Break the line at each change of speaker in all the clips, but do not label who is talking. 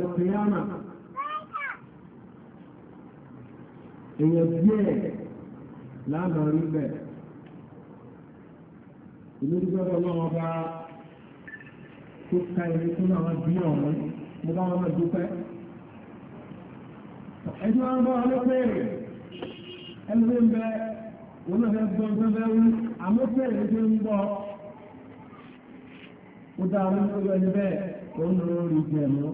àlùkìyàmà èèyàn díẹ̀ láàbà rí bẹ̀ ìlú dúpẹ́ ọlọ́wọ́ bá tó ka ẹni tó náà wá bí ọ̀hún mo bá wọn dúpẹ́ ẹjọ́ wọn bá wọn ló pé ẹni tó ń bẹ wọn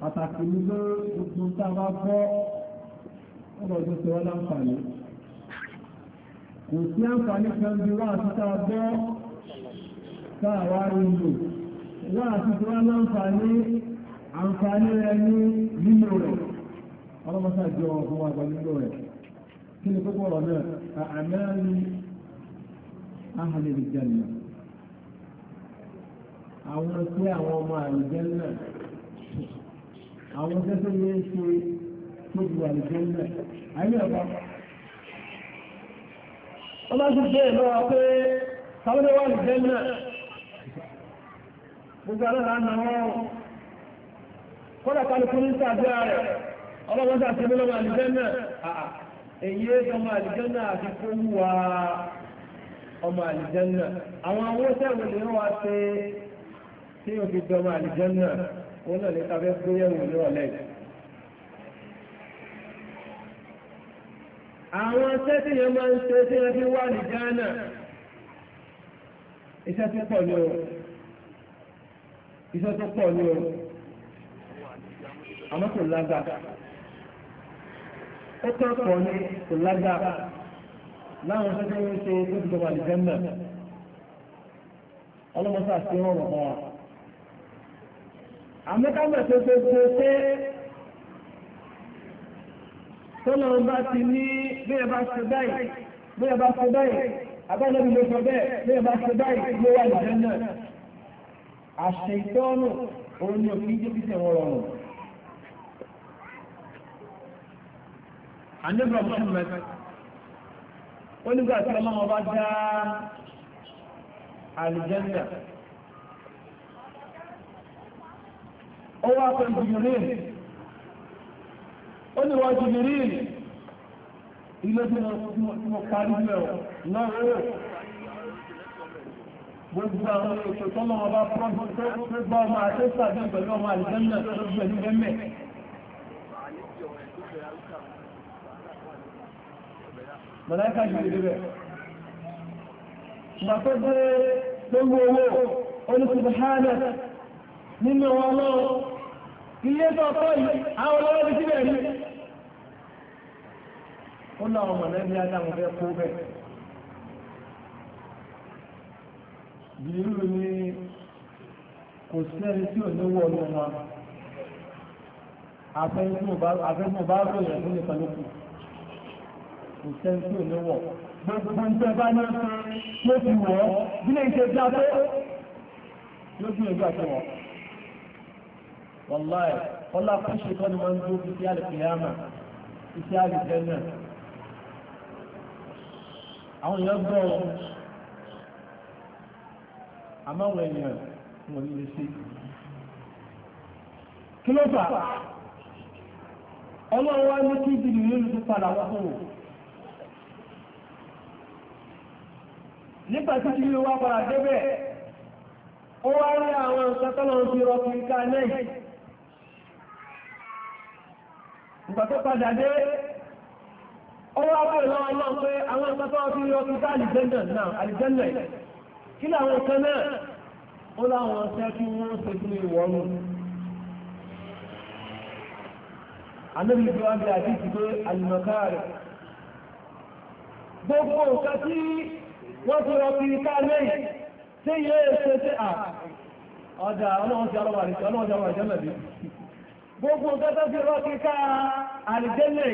pàtàkì ní pé gbogbo tá a bá gbọ́ ọ̀rọ̀ tó ṣe wọ́n láǹfààní kò sí àǹfààní kan bí wá àti tá a gbọ́ tá a wá rí lò wá àti tí wọ́n láǹfààní àǹfààní rẹ ní lílo rẹ̀ ọlọ́mọṣá jọ ọ̀gbọ́n àgbà lílo rẹ̀ kí ni gbogbo ọ̀rọ̀ náà àmẹ́rin ahàlẹ̀ ìjẹ̀lẹ̀ àwọn tí àwọn ọmọ àìjẹ́ náà àwọn tẹ́tẹ́ ló ń ṣe tó ju àlùjẹ́ ilẹ̀ ayé ọ̀gá ọmọ tó ṣe ìlọ́wọ́ pé táwọn wà lùjẹ́ náà gbogbo alára nà wọ́n kọ́lá kálukú ní sàdé rẹ̀ ọlọ́wọ́n sàdé lọ́wọ́ àlùjẹ́ náà èyí ọmọ àlùjẹ́ náà àti kó wà ọmọ àlùjẹ́ náà àwọn awọ́sẹ̀wò lè wá ṣe tí ó fi òun náà ní kábẹ́ gbéyẹ̀wò nírọ̀lẹ́ yìí. àwọn iṣẹ́ tí yẹn máa ń ṣe tí wọ́n fi wà ní Ghana iṣẹ́ tó pọ̀ ní o iṣẹ́ tó pọ̀ ní o àmọ́ kò lágbà ó tán pọ̀ ní kò lágbà láwọn iṣẹ́ tí wọ́n ṣe tó ti jọba ní Ghana ọlọ́mọ sáà ṣe rọrùn fún wa àmẹ́kámẹ́ tó gbogbo pé tọ́lọ̀ bá ti ní bí ẹ bá ṣe báyìí bí ẹ bá ṣe báyìí abẹ́lẹ́bí ló sọ bẹ́ẹ̀ bí ẹ bá ṣe báyìí ló wà lọ́jọ́ náà àṣẹ ìtọ́nù òun ni òfin jẹ́ títẹ̀ wọn rọrùn. àníbọ̀ Muhammad onígbà tí ọlọ́wọ́ bá dá àlùjẹ́ńdà ó wá pẹ̀lú jìbìrín ó ní wọ́n jìbìrín ilé tí mo parí mẹ́ọ̀ náà ó gbogbo àwọn ètò tó lọ́wọ́ bá pọ́ńtò bá ọmọ àtẹ́sà bí pẹ̀lú ọmọ àlìjẹ́nà tó pẹ̀lú bẹ́mẹ̀ Mọ̀láíkà jìbìrín rẹ̀. Màtọ́ bẹ́ẹ̀ tó gbogbo owó, ó ní nínú ọlọ́run ilé tó ọkọ́ yìí àwọn olówó ti síbẹ̀ rí ó náà mọ̀lẹ́bí adáhùn fẹ́ kó bẹ́ẹ̀ bìrìlù ni kò sẹ́ni tí ò ní wọ́ ní wọn afẹ́fún bá rò yẹn fún nìkan lókù kò sẹ́ni tí ò ní wọ́ gbogbo ń tẹ́ bá ní ló fi wọ́ bí lè ṣe dá pé ló fi ègbà ṣe wọ́n. wàláì ọlá fún ṣetán ni wọ́n ń dúró iṣẹ́ àlùkìyàmà iṣẹ́ ya àwọn èèyàn wọn ní lè ṣe kí ló fà ọlọ́run wá ní kí ìdílé lórí tó padà wá fún wọn nígbà tí kí ló wá padà débẹ̀ ó wá rí àwọn ìpàtọ́ padà dé ọwọ́ àwọn ìlọ pé àwọn ìpàtọ́ fi yọ sí bá àlìjẹ́nà náà àlìjẹ́nà kí làwọn kan náà ó láwọn ṣẹ́ kí wọ́n ṣe fún ìwọ́nù anábì tó gbogbo ti rọ kiri ká ọjà i. gbogbo gẹ́gẹ́
sí rọ́kíká àlìjẹ́lẹ̀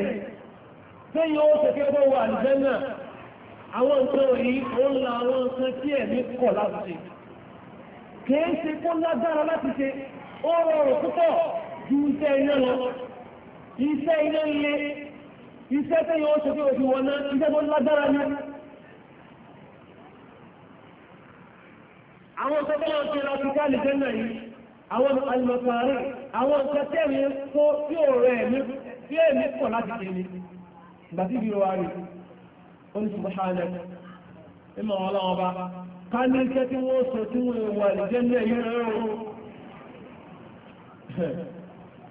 tí yóò tẹ́kẹ́ bọ́ wọ àlìjẹ́lẹ̀ àwọn nǹkan yìí ó ń la àwọn nǹkan tí ẹ̀mí kọ̀ láti ṣe kìí ṣe kó lágbára láti ṣe ó rọrùn púpọ̀ ju iṣẹ́ iná lọ iṣẹ́ iná ilé iṣẹ́ tí yóò ṣe òfin wọná iṣẹ́ tó lágbára ní àwọn tó lọ́ọ́ ṣe láti ká àlìjẹ́lẹ̀ yìí àwọn àlùmọ̀tàrí àwọn nǹkan tẹ́mi kó tí ò rẹ̀ mí tí èmi pọ̀ láti ṣe ni ìgbà tí ìrọ̀ àrí ó ní ṣùgbọ́n ṣáàlẹ̀ ìmọ̀ ọlọ́wọ́ bá ká ní iṣẹ́ tí wọ́n sọ tí wọ́n wà lè jẹ́ ní ẹ̀yìn rẹ̀ ó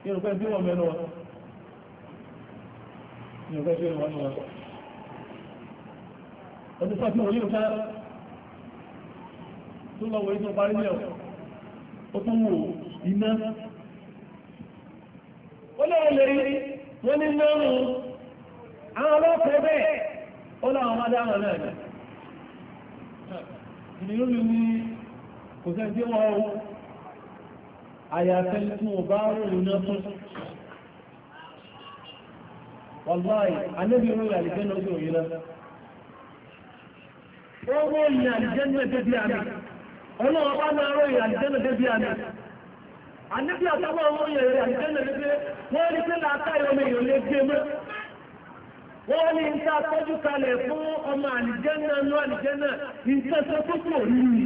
yorùbá tí wọ́n mẹ́nu wọn yorùbá tí wọ́n mẹ́nu wọn ọdún sọ́tí wọ́n yóò sára
tó lọ́wọ́ ìtọ́ parí ní
ó tún wò iná
náà lè rí wọ́n ní lọ́rùn àwọn ọlọ́pẹ́ bẹ́ẹ̀ ó láwọn máa dáhùn náà ní ìlú mi ní kò sẹ́ tí wọ́n ó náà fún wàláì alẹ́bí rọrùn àlìjẹ́ náà sí òyìn àníbí àtàwọn ọmọ yẹn rẹ̀ àìsẹ́lẹ̀ ní pé wọ́n ní pé làákàyè ọmọ èèyàn lè gbé mọ́ wọ́n ní nta tọ́jú kalẹ̀ fún ọmọ àlìjẹ́ náà nú àlìjẹ́ náà ìtẹ́sẹ́ tó kò rí ni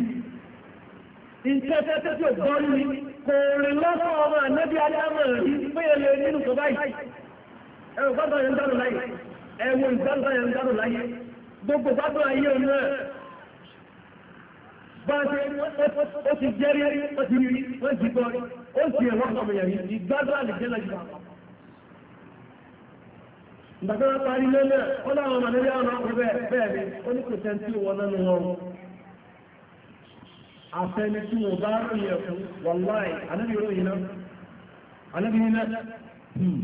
ìtẹ́sẹ́ tó kò gbọ́ rí ni kò rìn lọ́sọ̀ ọmọ àníbí àdámọ̀ rí pé èlé nínú tó báyìí ẹ̀wọ̀n gbọ́dọ̀ yẹn ń dárò láyé ẹ̀wọ̀n ìgbàlùbá bá ṣe ó ti jẹ́rí ó ti rí ó ti gbọ́ ó ti ẹ̀wọ́ ọmọ yẹ̀rí ìgbádùn àlejò lọ́jọ́ àpapọ̀. Ìgbàgbọ́ wọn parí lọ́nà ó láwọn ọmọ nílé ọ̀nà ọkùnrin bẹ́ẹ̀ bẹ́ẹ̀ ni ó ní kò sẹ́ńtì wọn lẹ́nu wọn. Àfẹ́ni tí mo bá rí ẹ̀kún wàláì ànábì ròyìn náà. Ànábì náà.
Hmm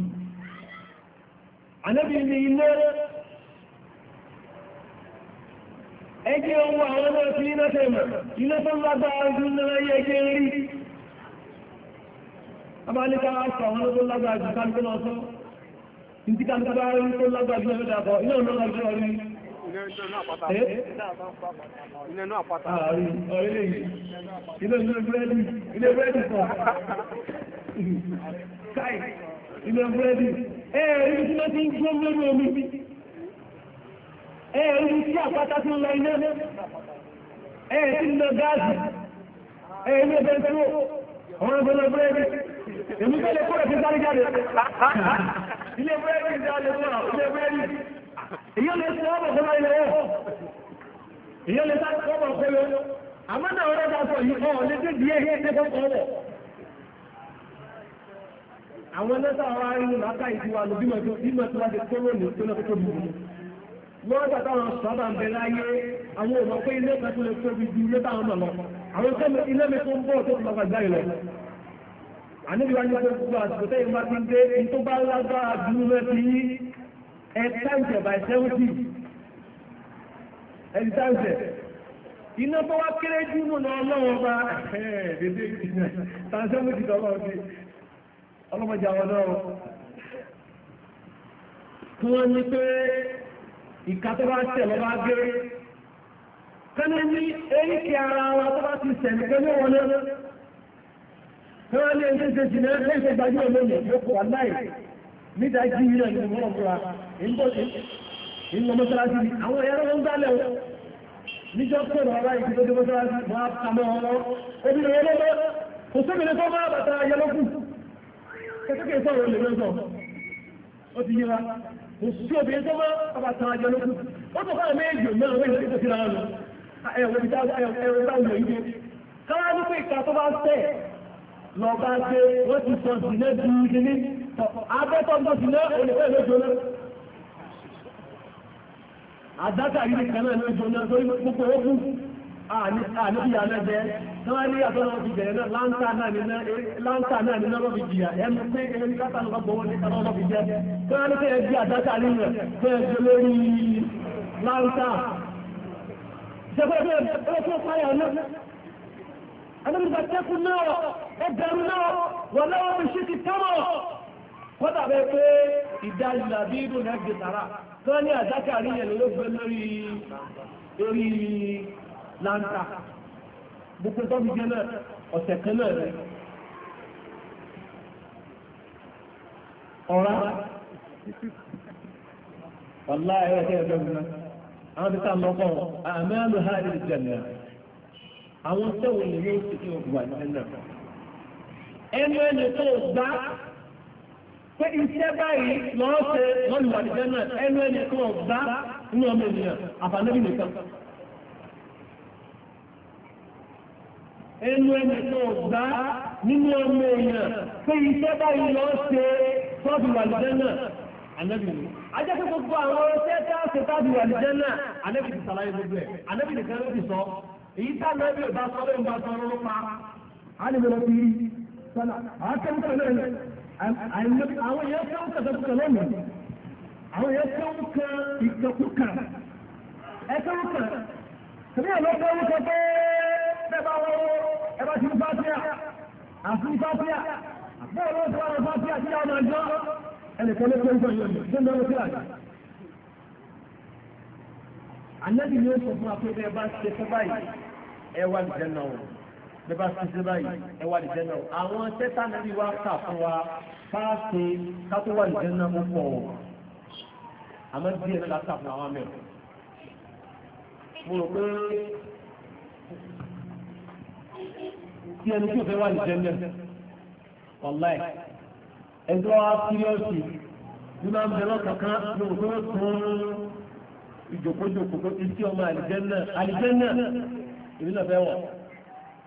ẹgbẹ́ owó àwọn ọmọ sí iná tẹ̀mọ̀
iná tó lágbára jù náà yẹ kí ń rí abáníká sọ àwọn tó lágbára jù kálukú náà sọ ìdí kálukú bá rí tó lágbára jù náà dàbọ̀ iná náà lọ sí ọrí Ilé inú àpáta. Ah, ilé inú búrẹ́dì. Ilé búrẹ́dì kan. Káì. Ilé búrẹ́dì. Ẹ̀ẹ́rì tí wọ́n ti ń gbọ́ lórí omi ẹ̀rù tí àpáta tí ń lọ iná ẹ̀rù tí ń lọ gáàsì ẹ̀rù ní ẹgbẹ́ ìṣẹ́wò ọmọ ìgbẹ́lẹ̀ búrẹ́dì èmi tẹ́lẹ̀ kúrẹ̀ tí sáré jáde ilé búrẹ́dì jáde fún ilé búrẹ́dì
èyí lè sọ ọmọ kọlọ ilẹ̀ ẹ̀
èyí lè sáré ọmọ kọlọ
àmọ́ náà ọ̀rọ̀ ta sọ yìí ọ̀ lè dé díẹ̀ ní ẹgbẹ́
àwọn ẹlẹ́sà ọ̀rọ̀ arínú látà ìdíwà lóbímọ̀ tó bímọ̀ tó wá ti tó lónìí tó lọ́kọ́ tó bùbù lọ́wọ́dà táwọn sábà ń bẹ láyé àwọn ọmọ pé ilé kan tó lè tóbi ju ilé táwọn mọ̀ lọ àwọn tó ilé mi tó ń bọ̀ tó ń lọ́gbà gbá ìlọ. àníbi wájú tó gbogbo àsìkò tẹ́yìn bá ti dé ní tó bá lágbára dúró rẹ ti yí ẹ táǹtẹ̀ by seventy ẹ ti táǹtẹ̀. iná bọ́ wá kéré jù mú lọ lọ́wọ́ bá ẹ̀ẹ́dẹ́gbẹ́ ìdílé tàn seventy tọ́lọ́ sí ọlọ́mọdé àwọn náà. wọ́n ní pé ìka tó bá tẹ̀ lọ bá gé kẹ́lẹ́ ní eríkì ara wa tó bá ti sẹ̀mí kẹ́lẹ́ wọlé kẹ́lẹ́ ní ẹgbẹ́ ṣe jìnà lẹ́sẹ̀ gbajú olóòlù ìjókòó aláì níta jí ìrìnà ìlú wọn fúra ìbọ̀dé ìlú mọ́sálásí àwọn ẹ̀rọ ń gbálẹ̀ wọn níjọ́ pẹ̀lú ọ̀rá ìdí tó dé mọ́sálásí wọn á mọ́ ọ̀rọ̀ obìnrin olóòlù kò sóbìnrin tó máa sí obìnrin tó máa ọba tán ajọ lókù ó tó fáwọn méjì ò mẹ́rin méjì tó síra lọ ẹ̀wọ̀ ìdá ẹ̀wọ̀ ìdá ìlú yìí káwá ní pé ìka tó bá tẹ̀ lọ bá gbé wọ́n ti sọ sílẹ̀ ju kíní abẹ́tọ̀ tó sílẹ̀ olùkọ́ ìlú jóná àdákàrí nìkan náà ló jóná torí gbogbo ó àníbi àlẹ́jẹ́ náà ní àtọ́nà ti bẹ̀rẹ̀ náà láńtà náà ní náà eh, fi jìyà ẹnu pé ẹni ní kátà lọ́gbà gbọ́wọ́ ní kátà lọ́gbà fi jẹ́ tó yá ní pé ẹbí àdáta nínú ẹ̀ tó ẹgbẹ́
lórí láńtà
jẹ́gbẹ́ ẹgbẹ́ fún fáyà náà ẹnìbìgbà tẹ́kù náà ẹgbẹ̀rún náà wọ́n lọ́wọ́ mi ṣe ti tẹ́mọ̀ kọ́tà bẹ́ pé ìdájìlá bí ìlú náà gbé tàrà tó ní àdáta rí ẹ̀ lórí láńtà gbogbo tó fi jẹ́ náà ọ̀sẹ̀ kan náà rẹ̀ ọ̀rá ọ̀lá ẹ̀rọ tẹ́ ẹ̀jọ́ gbìnà àwọn tí ká lọ́kọ̀ àmì àlù ha ní ìjẹ̀nà àwọn tẹ̀wọ̀n ní yóò ti yóò wà ní ẹ̀nà ẹnu ẹni tó gbá pé iṣẹ́ báyìí lọ́ọ́ ṣe lọ́lùwà ní ẹ̀nà ẹnu ẹni tó gbá nínú ọmọ ènìyàn àfànàbí nìkan ẹnu ẹni tó gbá nínú ọmọ èèyàn pé iṣẹ́ báyìí lọ ṣe tọ́jú àlùjẹ́nà ànábìnrin. ajẹ́pẹ́ gbogbo àwọn ọṣẹ́ tá a ṣe tọ́jú àlùjẹ́nà ànábìnrin ṣàlàyé gbogbo ẹ̀ ànábìnrin kan ló ti sọ èyí tá ànábìnrin ò bá sọ lóun bá sọ lọ́wọ́ pa. a lè lọ fi sọlá àákẹ́kọ̀ọ́ náà àwọn èèyàn kan kàtàkùn lọ́nà àwọn èèyàn kan kan ìkàkùkà ẹ̀kọ́ kan tẹ̀lé ọ̀lọ́pàá orúkọ pé bẹ́ẹ̀ bá wọ́n ẹbá ti ń fátíà àti ń fátíà bẹ́ẹ̀ ló ti wá lọ fátíà tí àwọn àjọ ẹnìkan ló pé ń sọ̀rọ̀ yóò tó ń lọ́wọ́ sí àjọ. Ànábì ni ó sọ fún wa bẹ́ẹ̀ bá ṣe fẹ́ báyìí ẹ wá lè jẹ́nà o bẹ́ẹ̀ bá ṣe fẹ́ báyìí ẹ wá lè jẹ́nà o. Àwọn tẹ́tà níbi wa kà fún wa fáàsì ká tó wà lè jẹ́nà ó pọ̀ o. Àmọ́ díẹ̀ náà la kà fún àwọn mẹ́rin. Mo rò
tí ẹni tí ò fẹ́ wà ní jẹ́lẹ̀
ọ̀láì ẹjọ́ síríọ́sì ní máa ń bẹ lọ́kọ̀ọ̀kan ní òkú tún ìjòkójòkó tó ti sí ọmọ àlìjẹ́nà àlìjẹ́nà èmi náà fẹ́ wọ̀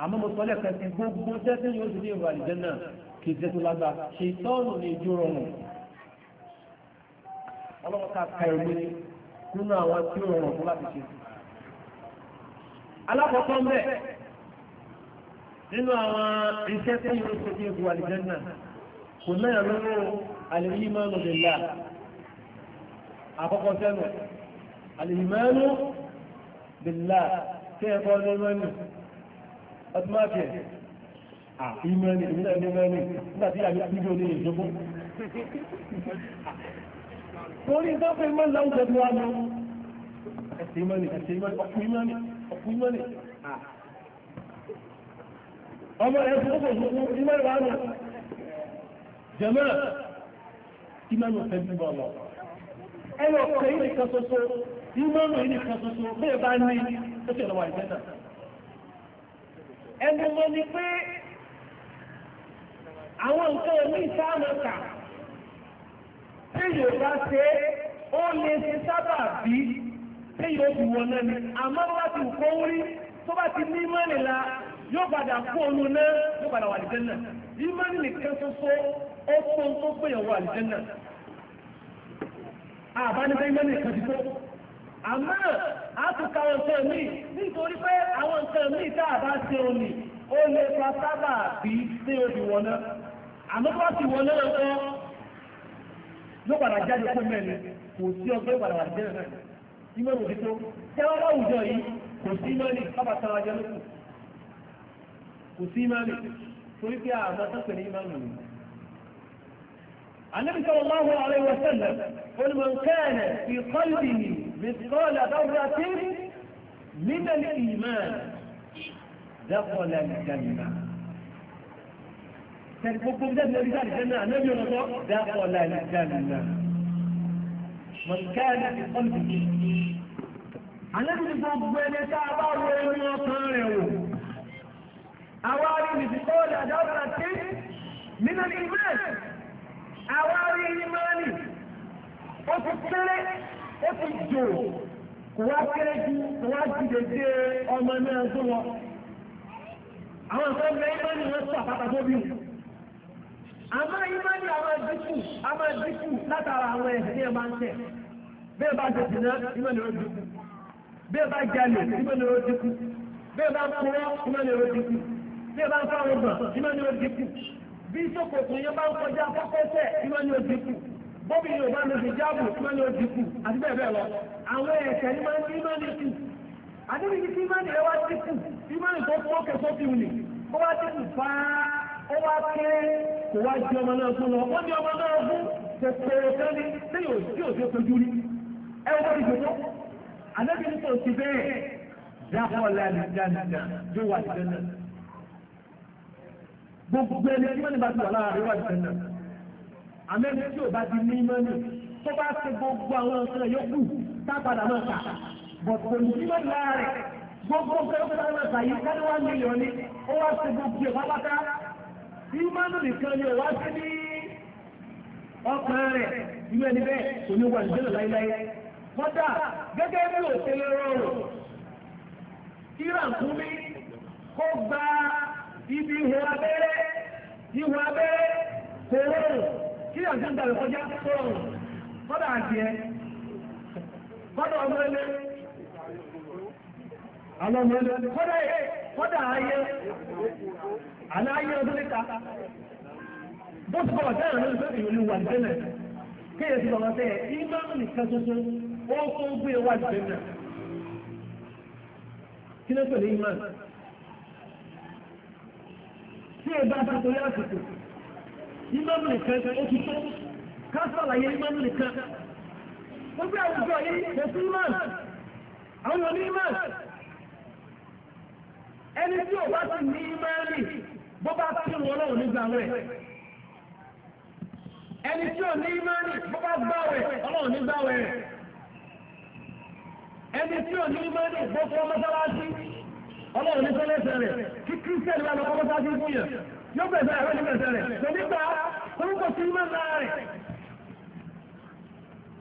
àmọ́ mo sọlẹ̀ kan ti gbogbo tẹ́tẹ́ yóò ti ní ìwà àlìjẹ́nà kì í tẹ́tọ́ lágbà ṣe ìtọ́nù ní ìjó rọrùn ọlọ́kọ̀ọ́ká ka ìwé kúnú àwọn tí ó rọrùn fún láti ṣe alákọ̀ọ́kọ́ nínú àwọn iṣẹ́ tí yóò ṣe kí n fún àlìjẹ́nà kò náà lọ́wọ́ alìmọ́nù lèlá àkọ́kọ́ sẹ́nu alìmọ́nù lèlá tí ẹ̀kọ́ lọ́mọ́nù ọdúnmáfẹ́ ìmọ́nì ìmọ́nì ìmọ́nì nígbà tí àgbẹ̀ ìjọ ní ìjọgbó torí ìtọ́fẹ́ ìmọ́ láwùjọ tí wá lọ ẹ̀sẹ̀ ìmọ́nì ẹ̀sẹ̀ ìmọ́nì ọkùnrin mọ́nì ọkùnrin mọ́nì ọmọ rẹ̀ fún ọgbọ̀n fún ìmọ̀ ìwà nù jẹ̀mọ́ ìmọ̀nù tẹ̀lé bọ̀ lọ ẹwọ ọ̀kẹ́ ìrìn kan ṣoṣo ìmọ̀nù ìrìn kan ṣoṣo bẹ́ẹ̀ bá ní ó ṣe lọ́wọ́ ìjẹ́nà ẹnu mọ́ ni pé àwọn nǹkan ẹ̀mí ìsáàmọ́ta tí yóò bá ṣe ó lè ṣe sábà bí tí yóò fi náà ni àmọ́ láti kó rí tó bá ti ní mọ́nìlá yóò padà kú ọnu náà yóò padà wà àlìjẹ́ náà ìmánì nìkan ṣoṣo ó tó tó pé ìyàwó àlìjẹ́ náà àbánibẹ́ ìmánì nìkan ti tó àmọ́ àtúkà àwọn nǹkan míì nítorí pé àwọn nǹkan míì tá a bá ṣe ó lè fa sábà bí ṣé o ti wọ̀ náà àmọ́ bá ti wọ̀ náà kọ́ yóò padà jáde fún mẹ́rin kò sí ọgbẹ́ padà wà àlìjẹ́ náà ìmọ̀ jẹ́wọ́ láwùjọ yìí kò sí mọ́ni kò sí ìmáàmù torí pé àmọ́ tó pè ní ìmáàmù ni. النبي صلى الله عليه وسلم قل من كان في قلبه مثقال ذرة من الإيمان دخل الجنة كان gbogbo bí dáadáa dáadáa jẹ́nà ànábì ọ̀nàtọ́ dákọ̀ láì jẹ́nà mọ̀káàlì ìfọ́nìtì ànábì gbogbo ẹni tá a bá wọ ẹni ọkàn rẹ̀ wò àwárí mìsìkọ́ọ̀lù àdáwọ̀lá tí nínú ìmẹ́ẹ̀ àwárí ìmẹ́ẹ̀lì ó ti kéré ó ti jò kò wá kéré ju kò wá jìde dé ọmọ náà tó wọn àwọn ìfẹ́ mẹ́ ìmẹ́ẹ̀lì wọn sọ àpapọ̀ tó bí àmọ́ ìmẹ́ẹ̀lì àwọn dínkù àwọn dínkù látara àwọn ẹ̀sìn ní ẹ̀ ń tẹ̀ bẹ́ẹ̀ bá tètè náà ìmẹ́ẹ̀lì ó dínkù bẹ́ẹ̀ bá jalè ìmẹ́ẹ̀lì ó dínkù bẹ́ẹ̀ bá kúrọ́ ìmẹ́ẹ̀lì ó dínkù bí ẹ bá ń fáwọn ọgbọ̀n ìmọ̀ ni ó dínkù bí sókòtò yẹn bá ń kọjá pẹ́pẹ́sẹ̀ ìmọ̀ ni ó dínkù bóbi yóò bá lè fi jáàbù ìmọ̀ ni ó dínkù àti bẹ́ẹ̀ bẹ́ẹ̀ lọ àwọn ẹ̀ṣẹ̀ ni máa ń ní ìmọ̀ ni kù àdébí ní kí ìmọ̀ ni ẹ wá dínkù ìmọ̀ ni tó fọ́ kẹsọ́ fi wù ní ó wá dínkù fáá ó wá ké kò wá di ọmọ náà fún lọ ó ní ọmọ náà fún kòkòrò kẹ́ni tí yóò tí yóò tó kojú rí ẹ wọ́n ti gbogbo àdébí ní kò sí bẹ́ẹ̀ dákọ̀ lẹ́nu dáadáa yóò wà sí gbogbo ẹni tí mọ́nì bá ti wà láàrin wà jẹ́ náà àmẹ́ni tí ò bá ti ní mọ́nì tó bá ṣe gbogbo àwọn ọ̀sán yòókù tápadà náà kà bọ̀tò ní tí mọ́nì láàrin gbogbo ọ̀sán náà kà yìí kọ́ni wá mílíọ̀n ní ó wá ṣe gbogbo ẹ̀wá pátá tí nìkan ni ò wá sí ní ọkàn rẹ̀ irú ẹni bẹ́ẹ̀ kò ní wà nílò láíláí kọ́dà gẹ́gẹ́ bí òṣèlérò rò kíra nkúmi kó gbáà ibi ihu abere abere kò rọrùn
kí ni ọ̀gá kọjá ìkọjá tó
kọ́dà ẹ kọ́dà ọmọ
àwọn ọmọ kọ́dà ẹ kọ́dà ayé àná ayé ọdún níta bó ti bọ̀ ọ̀tẹ́ ìrìn
ti nìkan tuntun ó tó gbé kí tí ẹ bá bá torí àsìkò ìmọ̀mù nìkan ó ti tó kásọ̀làyé ìmọ̀mù nìkan gbogbo àwùjọ yìí kò sí imọ̀ àwọn òní imọ̀ ẹni tí ò bá ti ní imọ̀ rí bó bá tí wọn lọ́wọ́ nígbà rẹ̀ ẹni tí ò ní imọ̀ bó bá gbà rẹ̀ ọlọ́wọ́ nígbà rẹ̀ ẹni tí ò ní imọ̀ bó fọ́ mọ́sálásí ọlọ́run ní sọ́lẹ́sẹ̀ rẹ̀ kí kírísítẹ̀lì wà lọ́kọ́ bọ́sá sí fún yẹn yóò bẹ̀rẹ̀ rẹ̀ ní bẹ̀rẹ̀ rẹ̀ tó nígbà orúkọ sí mọ́ náà rẹ̀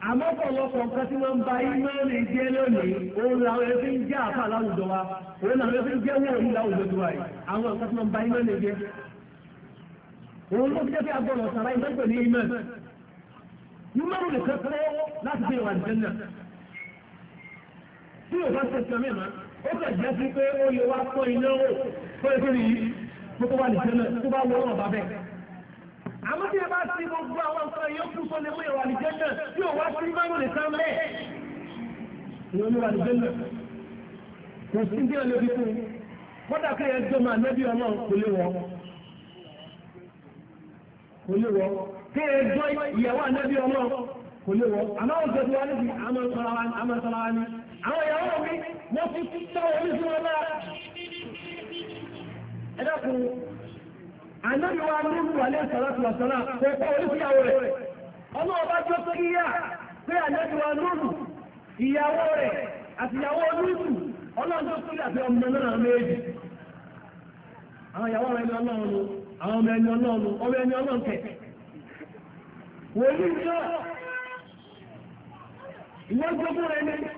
àmọ́ pọ̀lọpọ̀ nǹkan tí wọ́n ń ba iná lè jẹ́ lónìí òun làwọn ẹbí ń jẹ́ àfà láwùjọ wa òun làwọn ẹbí ń jẹ́ wọ̀nyí láwùjọ tiwa yìí àwọn nǹkan tí wọ́n ń ba iná lè jẹ́ òun ló jẹ́ pé agbọ́dọ̀ sàrà iná pè ní iná nímọ̀rún nìkan kọ́ láti fi wà nìkan náà tí ó kàn jẹ́ sí pé ó lè wá pọ́n iná wò pé kí ni yìí tó wà ní jẹ́nà tó bá wọ́n wọn bá bẹ́ẹ̀. àmọ́ tí ẹ bá ti gbogbo àwọn nǹkan yòókù tó lè mú ìwà ní jẹ́nà tí ò wá sí márùn lè sá mẹ́ ìwà ní wà ní jẹ́nà kò sí ní ọ̀lẹ́ bí fún kọ́dà kẹ́yẹ jọmọ ànẹ́bí ọmọ kò lè wọ́ kò lè wọ́ kẹ́yẹ jọ ìyàwó ànẹ́bí ọmọ kò lè wọ́ àmọ́ òjò tí wọ́n ní àmọ́ sọ̀rọ̀ wa ní àwọn ìyàwó mi wọ́n ti ti tẹ́ orí sí wọn lára. Ẹ ní ẹ̀sán láti wàsánà kò kọ́ orí ìyàwó rẹ̀. Ọmọ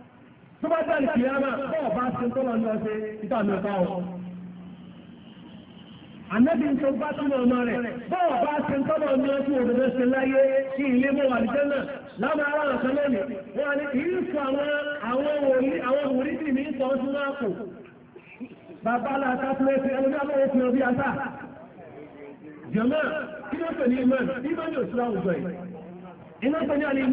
tó bá dá ìkìlì àmà bọ́ọ̀ bá ṣe tó lọ lọ ṣe títà mi ọ̀tá o. Ànábì ń tó bá túnmọ̀ ọmọ rẹ̀ bọ́ọ̀ bá ṣe tó lọ lọ sí òdòdó ṣe láyé kí ilé mọ̀ wà lìjẹ́ náà lábàá ara nǹkan lónìí. Wọ́n ní kì í sọ àwọn àwọn wòlí àwọn wòlí tì mí sọ sínú àpò. Bàbá la ta fún ẹsẹ̀ ẹni bá lọ́wọ́ fún ọ ata.
Jọ̀mọ́ kí ló pè ní imọ̀ ìmọ̀
ní òṣìlá òjò yìí.
Iná pè ní àlè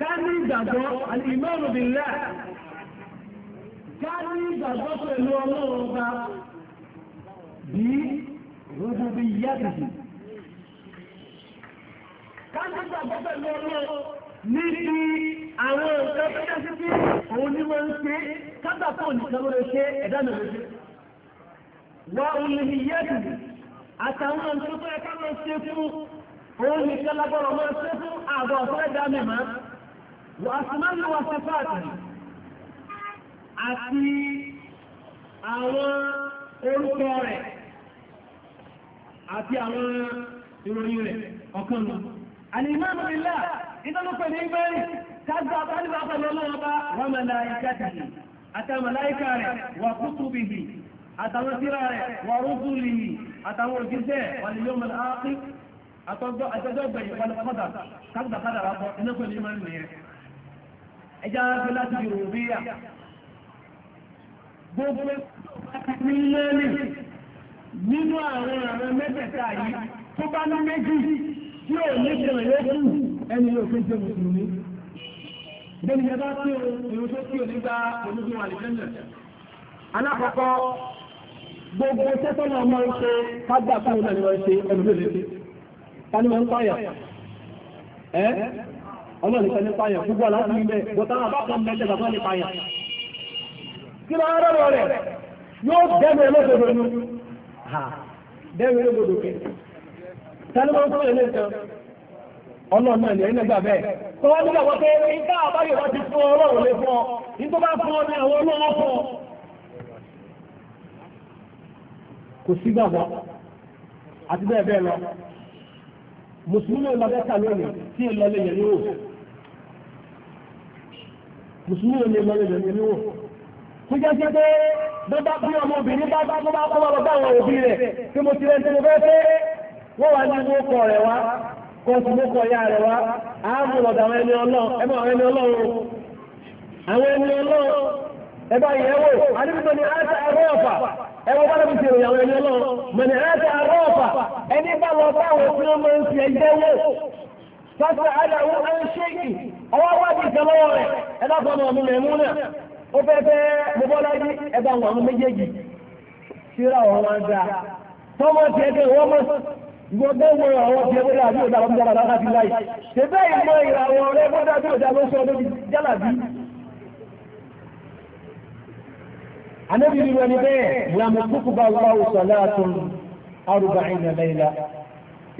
ká ní ìgbàgbọ́ al-imanu billah ká ní ìgbàgbọ́ pẹ̀lú ọlọ́run ọba
bí rububiyyatihi ká ní ìgbàgbọ́ pẹ̀lú ọlọ́run níbi àwọn nǹkan tó jẹ́ sí pé òun ní wọ́n ń ṣe kágbà fún òǹkan ló lè ṣe ẹ̀dá mi lè ṣe wa àtàwọn nǹkan tó yẹ ká lọ ṣe fún òun nìkan lágbọ́rọ̀ máa ṣe fún àbọ̀ ọ̀fẹ́ dá mi wàásùmáàlì wà sọ́fàtì àti àwọn orúkọ rẹ̀ àti àwọn ìròyìn rẹ̀ ọ̀kan lọ. àlìmọ́ ìlà ìdánúpẹ̀ ní ìgbẹ́rì kájọ àbálùbà pẹ̀lú ọlọ́wọ́bá wọ́n mẹ́láìkà tìí àtàmàláìkà rẹ̀ wà kútùbìhì àtàwọn síra rẹ̀ wà rúkúlìhì àtàwọn òjíṣẹ́ wà ní yóò mẹ́láìkà àtọ́jọ́ gbẹ̀yìn pẹ̀lú kọ́dà kájọ àbálùbà pẹ̀lú ọlọ́wọ́bá ẹjá rẹ̀ láti bí rùbíyà gbogbo nílẹ́lì nínú àwọn àwọn mẹ́tẹ̀ẹ̀ta yìí tó bá ní méjì tí ò ní bẹ̀rẹ̀ lókù ẹni yóò fi jẹ́ mùsùlùmí bẹ́ẹ̀ni ẹ bá tí òun tó tí ò nígbà ológun àlìjẹ́nà alákọ̀ọ́kọ́ gbogbo tẹ́tọ́nà ọmọ ṣe kágbà fún ọmọ ìwọ̀n ṣe ọmọ ìwọ̀n ṣe ọlọ́nìkan nípa yẹn púpọ̀ láti ilẹ̀ bọ́tá àbákan mẹ́tẹ̀ bàbá nípa yẹn kí lọ rọrọ rẹ̀ yóò dẹ́nu ẹlẹ́gbẹ̀rẹ̀ ní dẹ́nu ẹlẹ́gbẹ̀rẹ̀ kẹ́ tẹ́lẹ́mọ́ fún ẹlẹ́gbẹ̀rẹ̀ ọlọ́ọ̀nà ilẹ̀ ẹlẹ́gbà bẹ́ẹ̀ tó wá nígbà wọ́pẹ́ ìgbà àbáyọ̀ wá ti fún ọlọ́run lé fún ọ nígbà bá fún ọ ní àwọn ọlọ́run fún ọ kò sí gbàgbọ́ àti bẹ́ẹ̀ bẹ́ẹ̀ lọ mùsùlùmí ọlọ́dẹ́ta mùsùlùmí ò lè lọ ilẹ̀ ní oníwò tó jẹ́ sí pé bọ́bá bí ọmọ obìnrin bá bá tó bá kọ́ àwọn òbí rẹ̀ tí mo ti rẹ̀ tí mo fẹ́
wọ́n wá ní mo rẹ̀ wá
kọ́ sí mo ya rẹ̀ wá ẹ dákun ọmọ mi mẹ̀mú náà ó fẹ́ fẹ́ Mobọ́lájí ẹ bá wọn àwọn méjèèjì síra ọ̀rọ̀ wọn dá tọ́mọ tiẹ̀ kẹ́ wọ́n mọ̀ ìwọ bẹ́ẹ̀ wọ àwọn tiẹ̀ bó dàbí òdà lọ́dún jàlá láti láì ṣèbẹ́ ìmọ̀ ìràwọ̀ rẹ bó dàbí òdà ló sọ lórí jàlá bí. ni bẹ́ẹ̀ kúkú bá wà ó sọ láàtún arúgbà lẹ́yìnlá.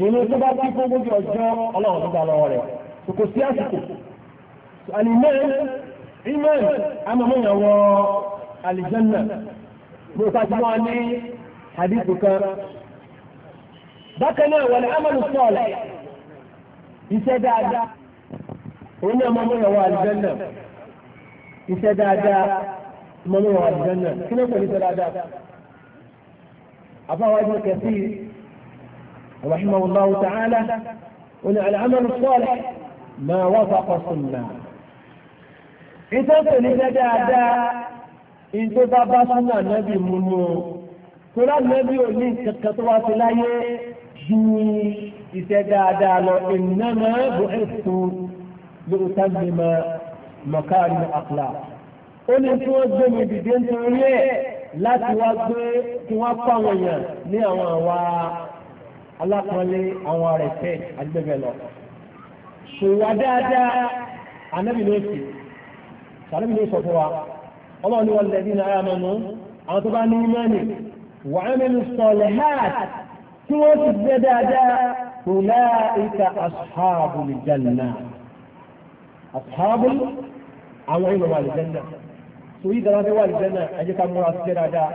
Ìlú tó bá kí fún gbogbo ọjọ́ ọlọ́run tó bá lọ́wọ́ rẹ̀. Kò sí àsìkò الإيمان إيمان أما من هو الجنة مفاتمة عني حديثك بكنا والعمل الصالح هو الجنة إسدادا الجنة كنا نقول إسدادا أفاو أجل كثير رحمه الله تعالى وإن العمل الصالح ما وفق سنه ìtọ́sẹ̀ ní dáadáa ìjọ bá bá súnà nẹ́bì mú ní o tọ́lá nẹ́bì ò ní kankan tó wá sí láyé ju iṣẹ́ dáadáa lọ ìnáná bó èso lórí sáàbì mọ mọ̀káàrí àkùlà ó ní tí wọ́n gbé mi dìde nítorí ẹ̀ láti wá gbé kí wọ́n pa àwọn èèyàn ní àwọn àwa alápọ̀nlé àwọn arẹ̀fẹ́ àgbẹ̀bẹ̀ lọ. ṣòwò dáadáa ànábì ló ṣe sàlẹ́bí ló sọ fún wa ọlọ́run ní wọn lẹ́bí náà mẹ́nu àwọn tó bá ní mẹ́nu wà á mẹ́nu sọ̀lẹ̀ hàt tí wọ́n ti jẹ́ dáadáa kò láìka ashabul janna ashabul àwọn ìlú wà lìjẹ́nà tó yí dára wà lìjẹ́nà ẹjẹ́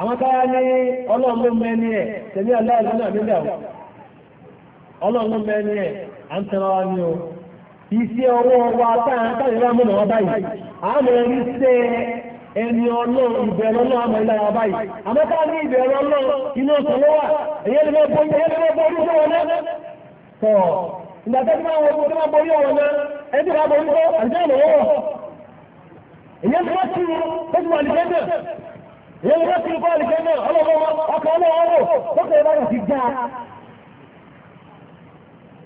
àwọn táyà ní ọlọ́run ẹ̀ tẹ̀lé aláìlú ẹ̀ à ń wa o wa ẹni ọlọ́run ìbẹ̀rẹ̀ ọlọ́run àmọ̀ ìlú báyìí àmọ́ ní ìbẹ̀rẹ̀ ọlọ́run inú ọ̀sán ló wà èyẹ lè bọ́ èyẹ náà tọ̀
èyí ló ti bọ́ọ̀lù jẹ́ náà ọlọ́wọ́ ọkọ̀ ọlọ́wọ́ lókè ìbára ti dá.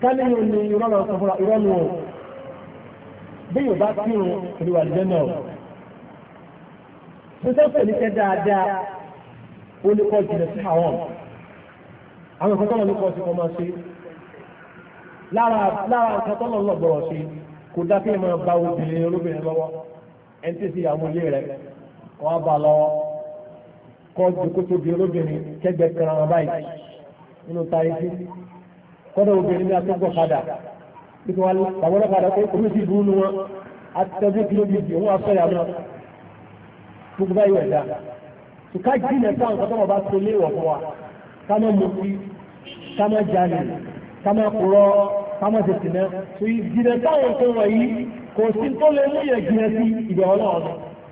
kálíyìn ni irọ́ lọ sọ fún wa irọ́ ni o bí yóò bá kí o kiri wà lẹ́yìn náà. sísẹ́ pè ní kẹ́ dáadáa ó ní kọ́ jìnnà sí àwọn àwọn ìkọ́tọ́ náà ní kọ́ sí kọ́ máa ṣe lára lára náà lọ́gbọ̀rọ̀ ṣe kò dá kí ẹ obìnrin olóbìnrin lọ́wọ́ ẹni tí ì kọ́ jòkó tóbi olóbìnrin kẹ́gbẹ́ kan àwọn báyìí nínú tayé sí kọ́dọ̀ obìnrin ní atọ́gbọ̀ padà
nípa wọn làwọn ọlọ́padà pé omi ti bú nu wọn atẹ́gbẹ́ kìlómítì òun afẹ́yà náà
gbogbo báyìí ẹ̀dá ṣùkà jìnà sáwọn kọ́tọ́ wọn bá so lé wọ̀ fún wa ká má mutí ká má jalè ká má kúrọ́ ká má tètè náà tó jìnà sáwọn nǹkan wọ̀nyí kò sí tó lè mú yẹn jìnà sí ìbẹ̀wọ̀ náà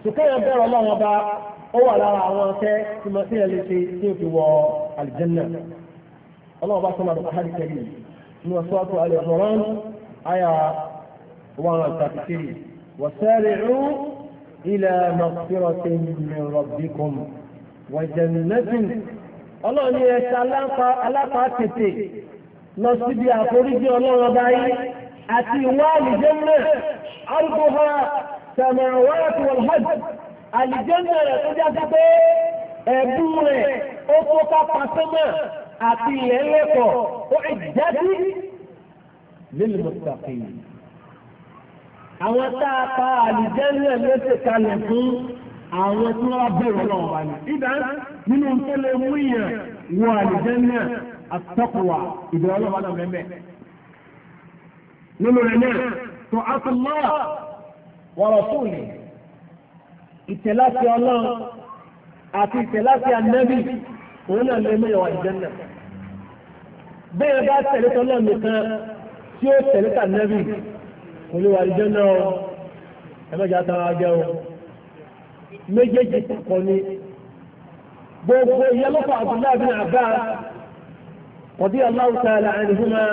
ṣùkà yẹn bẹ̀rẹ̀ ọlọ́run ọba ó wà lára àwọn ọ̀tẹ́ tí mo sí ẹ̀lẹ́ ṣe tí ó fi wọ àlìjẹ́nà ọlọ́run bá sọ́nà àdùkọ́ hàrí kẹ́lì ní ọ̀sọ́ àtọ́ alẹ́ ọ̀rán àyà wọn àtàkì kiri wasari'u ila maghfiratin min rabbikum wa jannatin ọlọ́run ní ẹ̀ṣẹ̀ alápá tètè lọ síbi àforíjì ọlọ́run ọba àti ìwà àlìjẹ́nà arduha àlìjẹ́nà rẹ̀ tó jáde pé ẹ̀bú rẹ̀ ó kó kápá sọ́mọ̀ àti ilẹ̀ ńlẹ́kọ̀ọ́ ó ìjáde lílù mọ́tàkì. àwọn tá a pa àlìjẹ́nà lẹ́sẹ̀ kalẹ̀ fún àwọn tí wọ́n bẹ̀rù náà wà ní. ìdá nínú tẹ́lẹ̀ mú wọ àlìjẹ́nà àtọ́kùwà ìdọ̀rọ̀ lọ́wọ́ náà mẹ́mẹ́. nínú rẹ̀ náà tó àtúnmọ́ wọ̀rọ̀ fún mi ìtẹ̀láti ọlọ́run àti ìtẹ̀láti ànábì òun náà lè mẹ́yọ̀wà ìjẹ́nà bẹ́ẹ̀ bá tẹ̀lé tọ́lọ́ nìkan
tí ó tẹ̀lé tànábì kò lè wà ìjẹ́nà ọ
ẹ̀mẹ́jà tara jẹ́ o méjèèjì kọ̀ ni gbogbo ìyálọ́pàá Abdullahi bin Abbas ọdí aláwọ̀ tààlà àìníhùnmá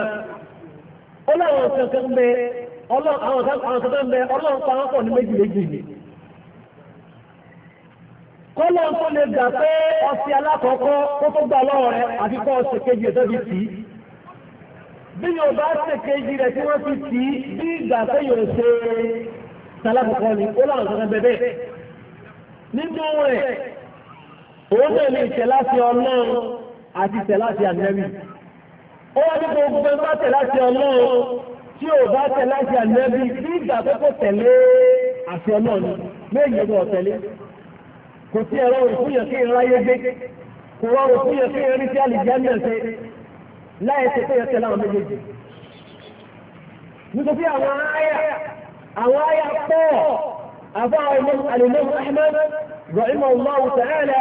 ó láwọn kankan bẹ ọlọ́run àwọn pa wọn pọ̀ ní méjì kọ́lọ̀ tó lè gbà pé ọtí alákọ̀ọ́kọ́ tó tó gbà lọ́wọ́ rẹ̀ àti kọ́ ọ̀sẹ̀ kejì ẹ̀ tóbi tì í bí yóò bá ṣe kejì rẹ̀ tí wọ́n ti tì í bí ìgbà pé yóò ṣe talákọ̀ọ́kọ́ ni ó làwọn ọ̀sán bẹ́ẹ̀ bẹ́ẹ̀ nínú rẹ̀ òun náà ní ìtẹ̀láṣẹ ọlọ́run àti ìtẹ̀láṣẹ ànẹ́bì ó wá ní gbogbo ẹ̀ bá tẹ̀láṣẹ ọlọ́run
tí ò bá tẹ̀láṣẹ ànẹ́bì bí ìgbà pé kò
tẹ̀lé àṣẹ ọlọ́run méjì ló tẹ̀lé kò tí ẹ̀rọ òfúyẹ̀ sí ìráyé gbé
kò wá òfúyẹ̀ sí ìrí sí àlìjáńdà ṣe
láì ṣe pé ẹsẹ̀ láwọn méjèèjì. nítorí àwọn àyà
àwọn àyà pọ̀ àbá àlùmọ́ Ahmad rahim allah ta'ala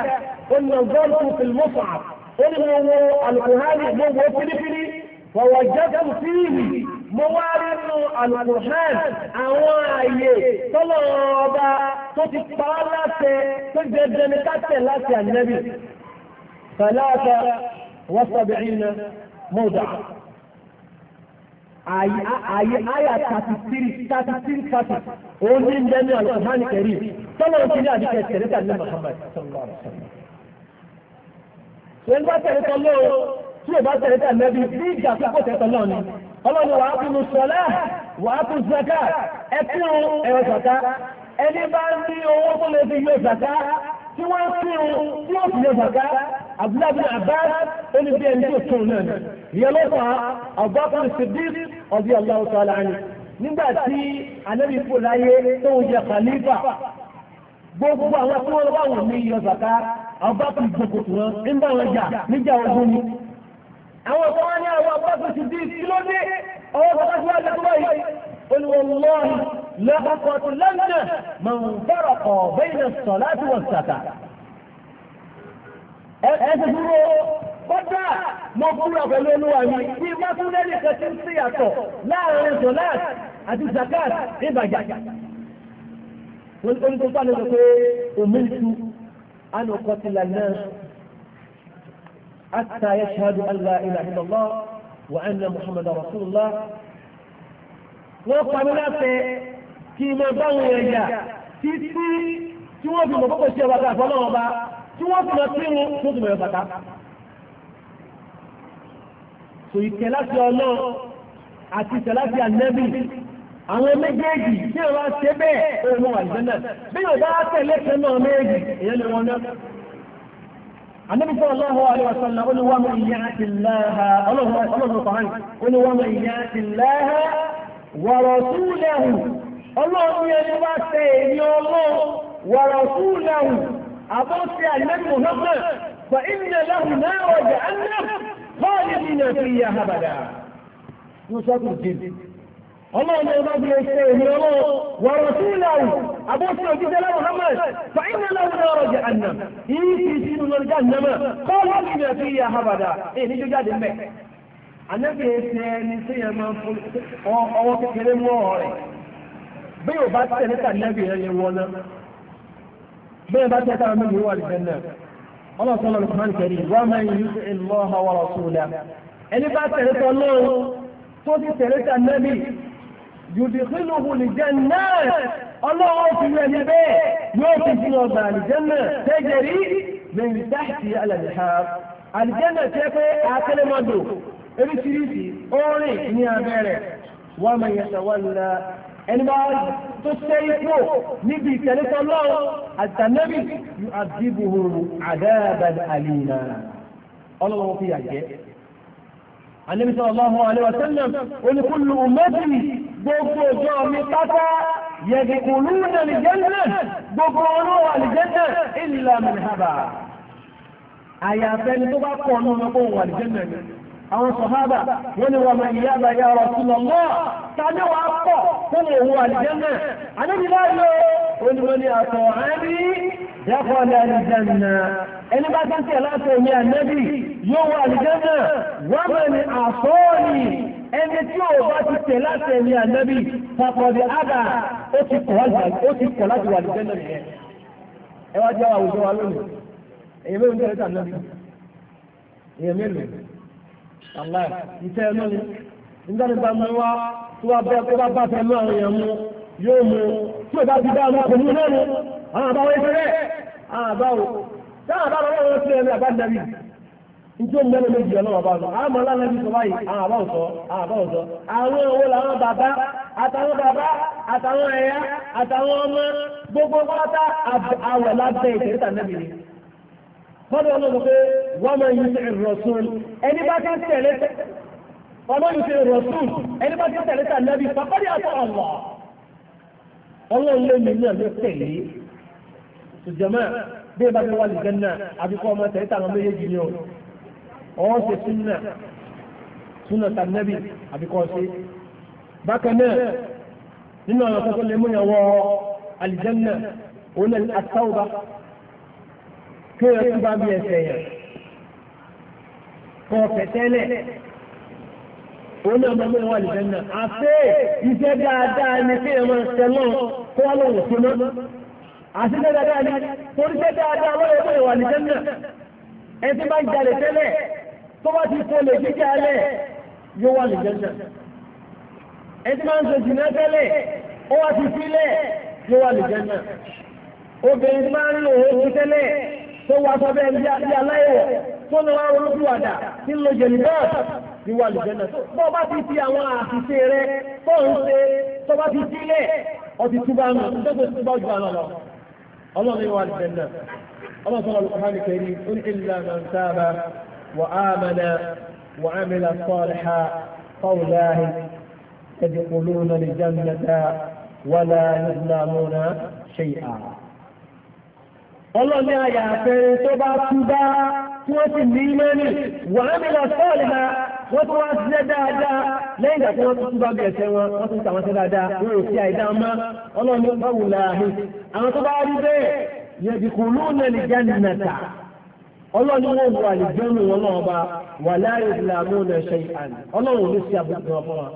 ọ̀nà
gbọ́dọ̀ fil mus'haf ó ní wọn wo alukóhálì mọ́ wọ́n fínífíní wọ́n wọ́n jẹ́ mo wá nínú alukuhan àwọn ààyè tọ́lọ̀ ọba tó ti pa á láṣẹ tó jẹ dẹni kátẹ̀ láti ànábì sàlátà wọ́sàbẹ̀rínà mọ́dà àyè àyà tàtìtìrì tàtìtìrì tàtì òun ní dẹni alukuhan kẹrì tọ́lọ̀ ti tí ò bá tẹ̀lé tẹ̀ lẹ́bi bí ìjà tí kò tẹ̀tọ̀ náà ni ọlọ́ni wàá kú lu sọlá wàá kú zaka ẹ kí o ẹ̀rọ zaka
ẹni bá ní owó
tó lè fi yọ zaka tí wọ́n kí o tí ó fi yọ zaka abúlábí àbá ẹni bí ẹni tó tún náà ni ìyẹn ló fà Abubakar Siddiq ọbí Allahu ta'ala ni nígbà tí anabi kú láyé tó ń jẹ khalifa gbogbo àwọn tí wọ́n bá wọn ní yọ zaka Abubakar gbogbo tí wọ́n ń bá wọn jà níjà ogun ni àwọn ọ̀sán wá ní àwọn abúlé ti di kí ló dé ọwọ́ bàbá tí wọ́n lẹ́kọ́ yìí olùwọ̀lọ́ọ̀hì lọ́kọ̀kọ̀ tó lẹ́nà mà ń fọ́rọ̀ kọ̀ bẹ́yìn sọ̀ láti wọ̀ sàkà. ẹ ẹ ti dúró kódà mo kúrò pẹ̀lú olúwa mi bí wọ́n tún lẹ́nu sí yàtọ̀ láàrin zolat àti zakat ìbàjá. olùkọ́ ní tó bá lọ sọ pé òmìnir حتى يشهد أن لا إله إلا الله وأن محمد رسول الله وقع منافع في مباوي يا تيتي tí wọ́n fi mọ̀ púpọ̀ sí ọba àfọlọ́wọ́ bá tí wọ́n fi mọ̀ sí irun tó ti mọ̀ yọ bàtà. sò ìtẹ̀ láti ọ̀nà àti ìtẹ̀ láti ànẹ́bì àwọn méjèèjì tí wọ́n bá ṣe bẹ́ẹ̀ òun wà lẹ́nà bí yóò bá tẹ̀lé kan náà méjèèjì èyí ni wọ́n náà. النبي صلى الله عليه وسلم قل ومن يعص الله الله الله سبحانه قل ومن يعص الله ورسوله الله يبا سيدي الله ورسوله أبوسي النبي محمد فإن له نار جهنم خالدين فيها أبدا يوسف الجن ọlọ́run ọba bí ẹsẹ̀ èmi ọlọ́run wọ̀rọ̀ sí ìlàwù àbọ̀sí òjíṣẹ́ lọ́wọ́ Muhammad fàáyìn lọ́wọ́ ní ọ̀rọ̀ jẹ àná yìí ti ti inú lọ́jà nàmà kọ́ wọ́n ti bẹ̀rẹ̀ sí ìyá habada èyí ní jójáde mẹ́. ànábì ẹsẹ̀ ẹni tí yẹn máa ń fún ọwọ́ kékeré mú ọ̀rọ̀ rẹ̀ bí o bá tẹ̀lé tà nẹ́bì rẹ̀ yẹn wọ́n bí o bá tẹ̀lé tà nẹ́bì rẹ̀ wà lùfẹ́ ẹni bá tẹ̀lé tà nẹ́bì tó ti tẹ̀lé tà nẹ́bì yùdìkìlùhù lìjẹ́nà ọlọ́wọ́ fi rẹ̀ níbẹ̀ yóò fi sí ọgbà àlìjẹ́nà tẹ́jẹ̀ rí lẹ́yìn táàkì alàlìhà àlìjẹ́nà tẹ́ pé akẹ́lẹ́mọdò eríṣiríṣi orin ní abẹ́rẹ̀ wọ́n mọ̀ yẹn sọ̀wọ́lá ẹni bá tó ṣe ipò níbi ìtẹ̀lẹ́tọ̀ lọ́wọ́ àtànẹ́bì yóò àdìbòhò àdáàbàn àlìyàn ọlọ́wọ́ fi yà jẹ́ àlẹ́bí sọ̀rọ̀ lọ́wọ́ àlẹ́wà sẹ́lẹ̀ oníkùlù gbogbo ọjọ́ mi pátá yẹ̀dìkù lúwẹ̀ àlìjẹ́nà gbogbo olówó àlìjẹ́nà ìlà mìíràbà àyàfẹ́ni tó bá pọ̀ náà kó wà àlìjẹ́nà ni àwọn sọ̀hábà wọ́n ni wọ́n ma ìyá bá yá ọ̀rọ̀ sí lọ́mọ́ tàbí wà pọ̀ fún òun àlìjẹ́nà àdébìlá lọ oníwọ́n ni àtọ̀ àárí dákọ̀ọ́lẹ̀ àlìjẹ́nà ẹni bá tẹ́ńtẹ̀ láti ẹ̀mí ànẹ́bì yóò wà àlìjẹ́nà wọ́n mẹ́ni àfọ́ọ̀lì ẹni tí ò bá ti tẹ̀ láti ẹ̀mí ànábì pàpọ̀dé àdà ó ti kọ̀ láti wà ní tẹ́lẹ̀ awa, ẹ wá jẹ́ àwùjọ wa lónìí èyí mélòó ń tẹ̀lé tà èyí mélòó àlá ìtẹ́ ẹ lónìí nígbà tí bá mú wá tí wá bẹ́ẹ̀ bá bá fẹ́ mú àwọn èèyàn mú yóò mú tí bá ti dá ọmọ ọkùnrin náà mú àwọn àbáwọ̀ àbáwọ̀ njó mẹ́rin méjì ọlọ́wọ́ bá lọ àmọ́ lánàá bí sọ àwọn àbá òsọ àwọn àbá òsọ àwọn owó làwọn bàbá àtàwọn bàbá àtàwọn ẹ̀yà àtàwọn ọmọ gbogbo pátá àwẹ̀ lábẹ́ ìtẹ̀rẹ́tà nẹ́bì ni. bọ́dọ̀ ọlọ́run sọ pé wọ́n máa yin sí ìrọ̀sùn ẹni bá ti tẹ̀lé ọmọ yin sí ìrọ̀sùn ẹni bá tẹ̀lé pàpàdé ọlọ́run lé mi tẹ̀lé ọ̀hún ṣe súnà súnà tàbí àbíkọ́ sí bákan náà nínú àwọn akọ́kọ́ lè múyàn wọ alìjẹ́nà òun náà àtàwùbá kí ó yẹ kí bá bí ẹsẹ̀ yẹn kọ́ fẹ̀tẹ́lẹ̀ òun náà máa múyàn wọ alìjẹ́nà àfẹ́ iṣẹ́ dáadáa ni kí ẹ máa tẹ̀lọ́ kó wá lọ́wọ́ sí mọ́ àti dáadáa ni torí iṣẹ́ dáadáa lọ́wọ́ ẹ̀ alìjẹ́nà ẹ ti máa ń jalè tẹ́lẹ̀ tó bá ti kó lè jíjẹ alẹ́ yóò wà lè jẹ́jẹ́ ẹ ti máa ń sèjì náà tẹ́lẹ̀ ó wá ti sílẹ̀ yóò wà lè jẹ́jẹ́ obìnrin ti máa ń lò ó tẹ́lẹ̀ tó wá sọ bẹ́ẹ̀ bí aláìwọ̀ tó lọ́wọ́ olókùwàdà tí ń lo jẹ̀lìbọ́ọ̀tì ní wà lè tó bá ti fi àwọn àṣìṣe rẹ tó ń ṣe tó bá ti sílẹ̀ ọtí túbá nù tó tó túbá jù àná lọ ọlọ́run yóò wà lè ọlọ́run sọ̀rọ̀ وآمن وعمل صالحا فأولئك يدخلون الجنة ولا يظلمون شيئا ọlọ́ni àyàfẹ́rin tó bá túbá tí wọ́n ti ní lẹ́nì wà nílọ sọ́ọ̀lì ha wọ́n tó wá sílẹ̀ dáadáa lẹ́yìn ìgbà tí wọ́n tó túbá bí ẹ̀ṣẹ̀ wọn wọ́n tó tàwọn sí dáadáa wọ́n ò sí àìdá mọ́ ọlọ́ni báwùlà àwọn tó bá rí bẹ́ẹ̀ yẹ̀dìkùlù nẹ̀lì jẹ́ nìyàtà ọlọ́run wọn wọ àlìjọ́nù wọn náà bá wà láàrin ìhàn ọlọ́run ò ní sí àbùkù wọn wa.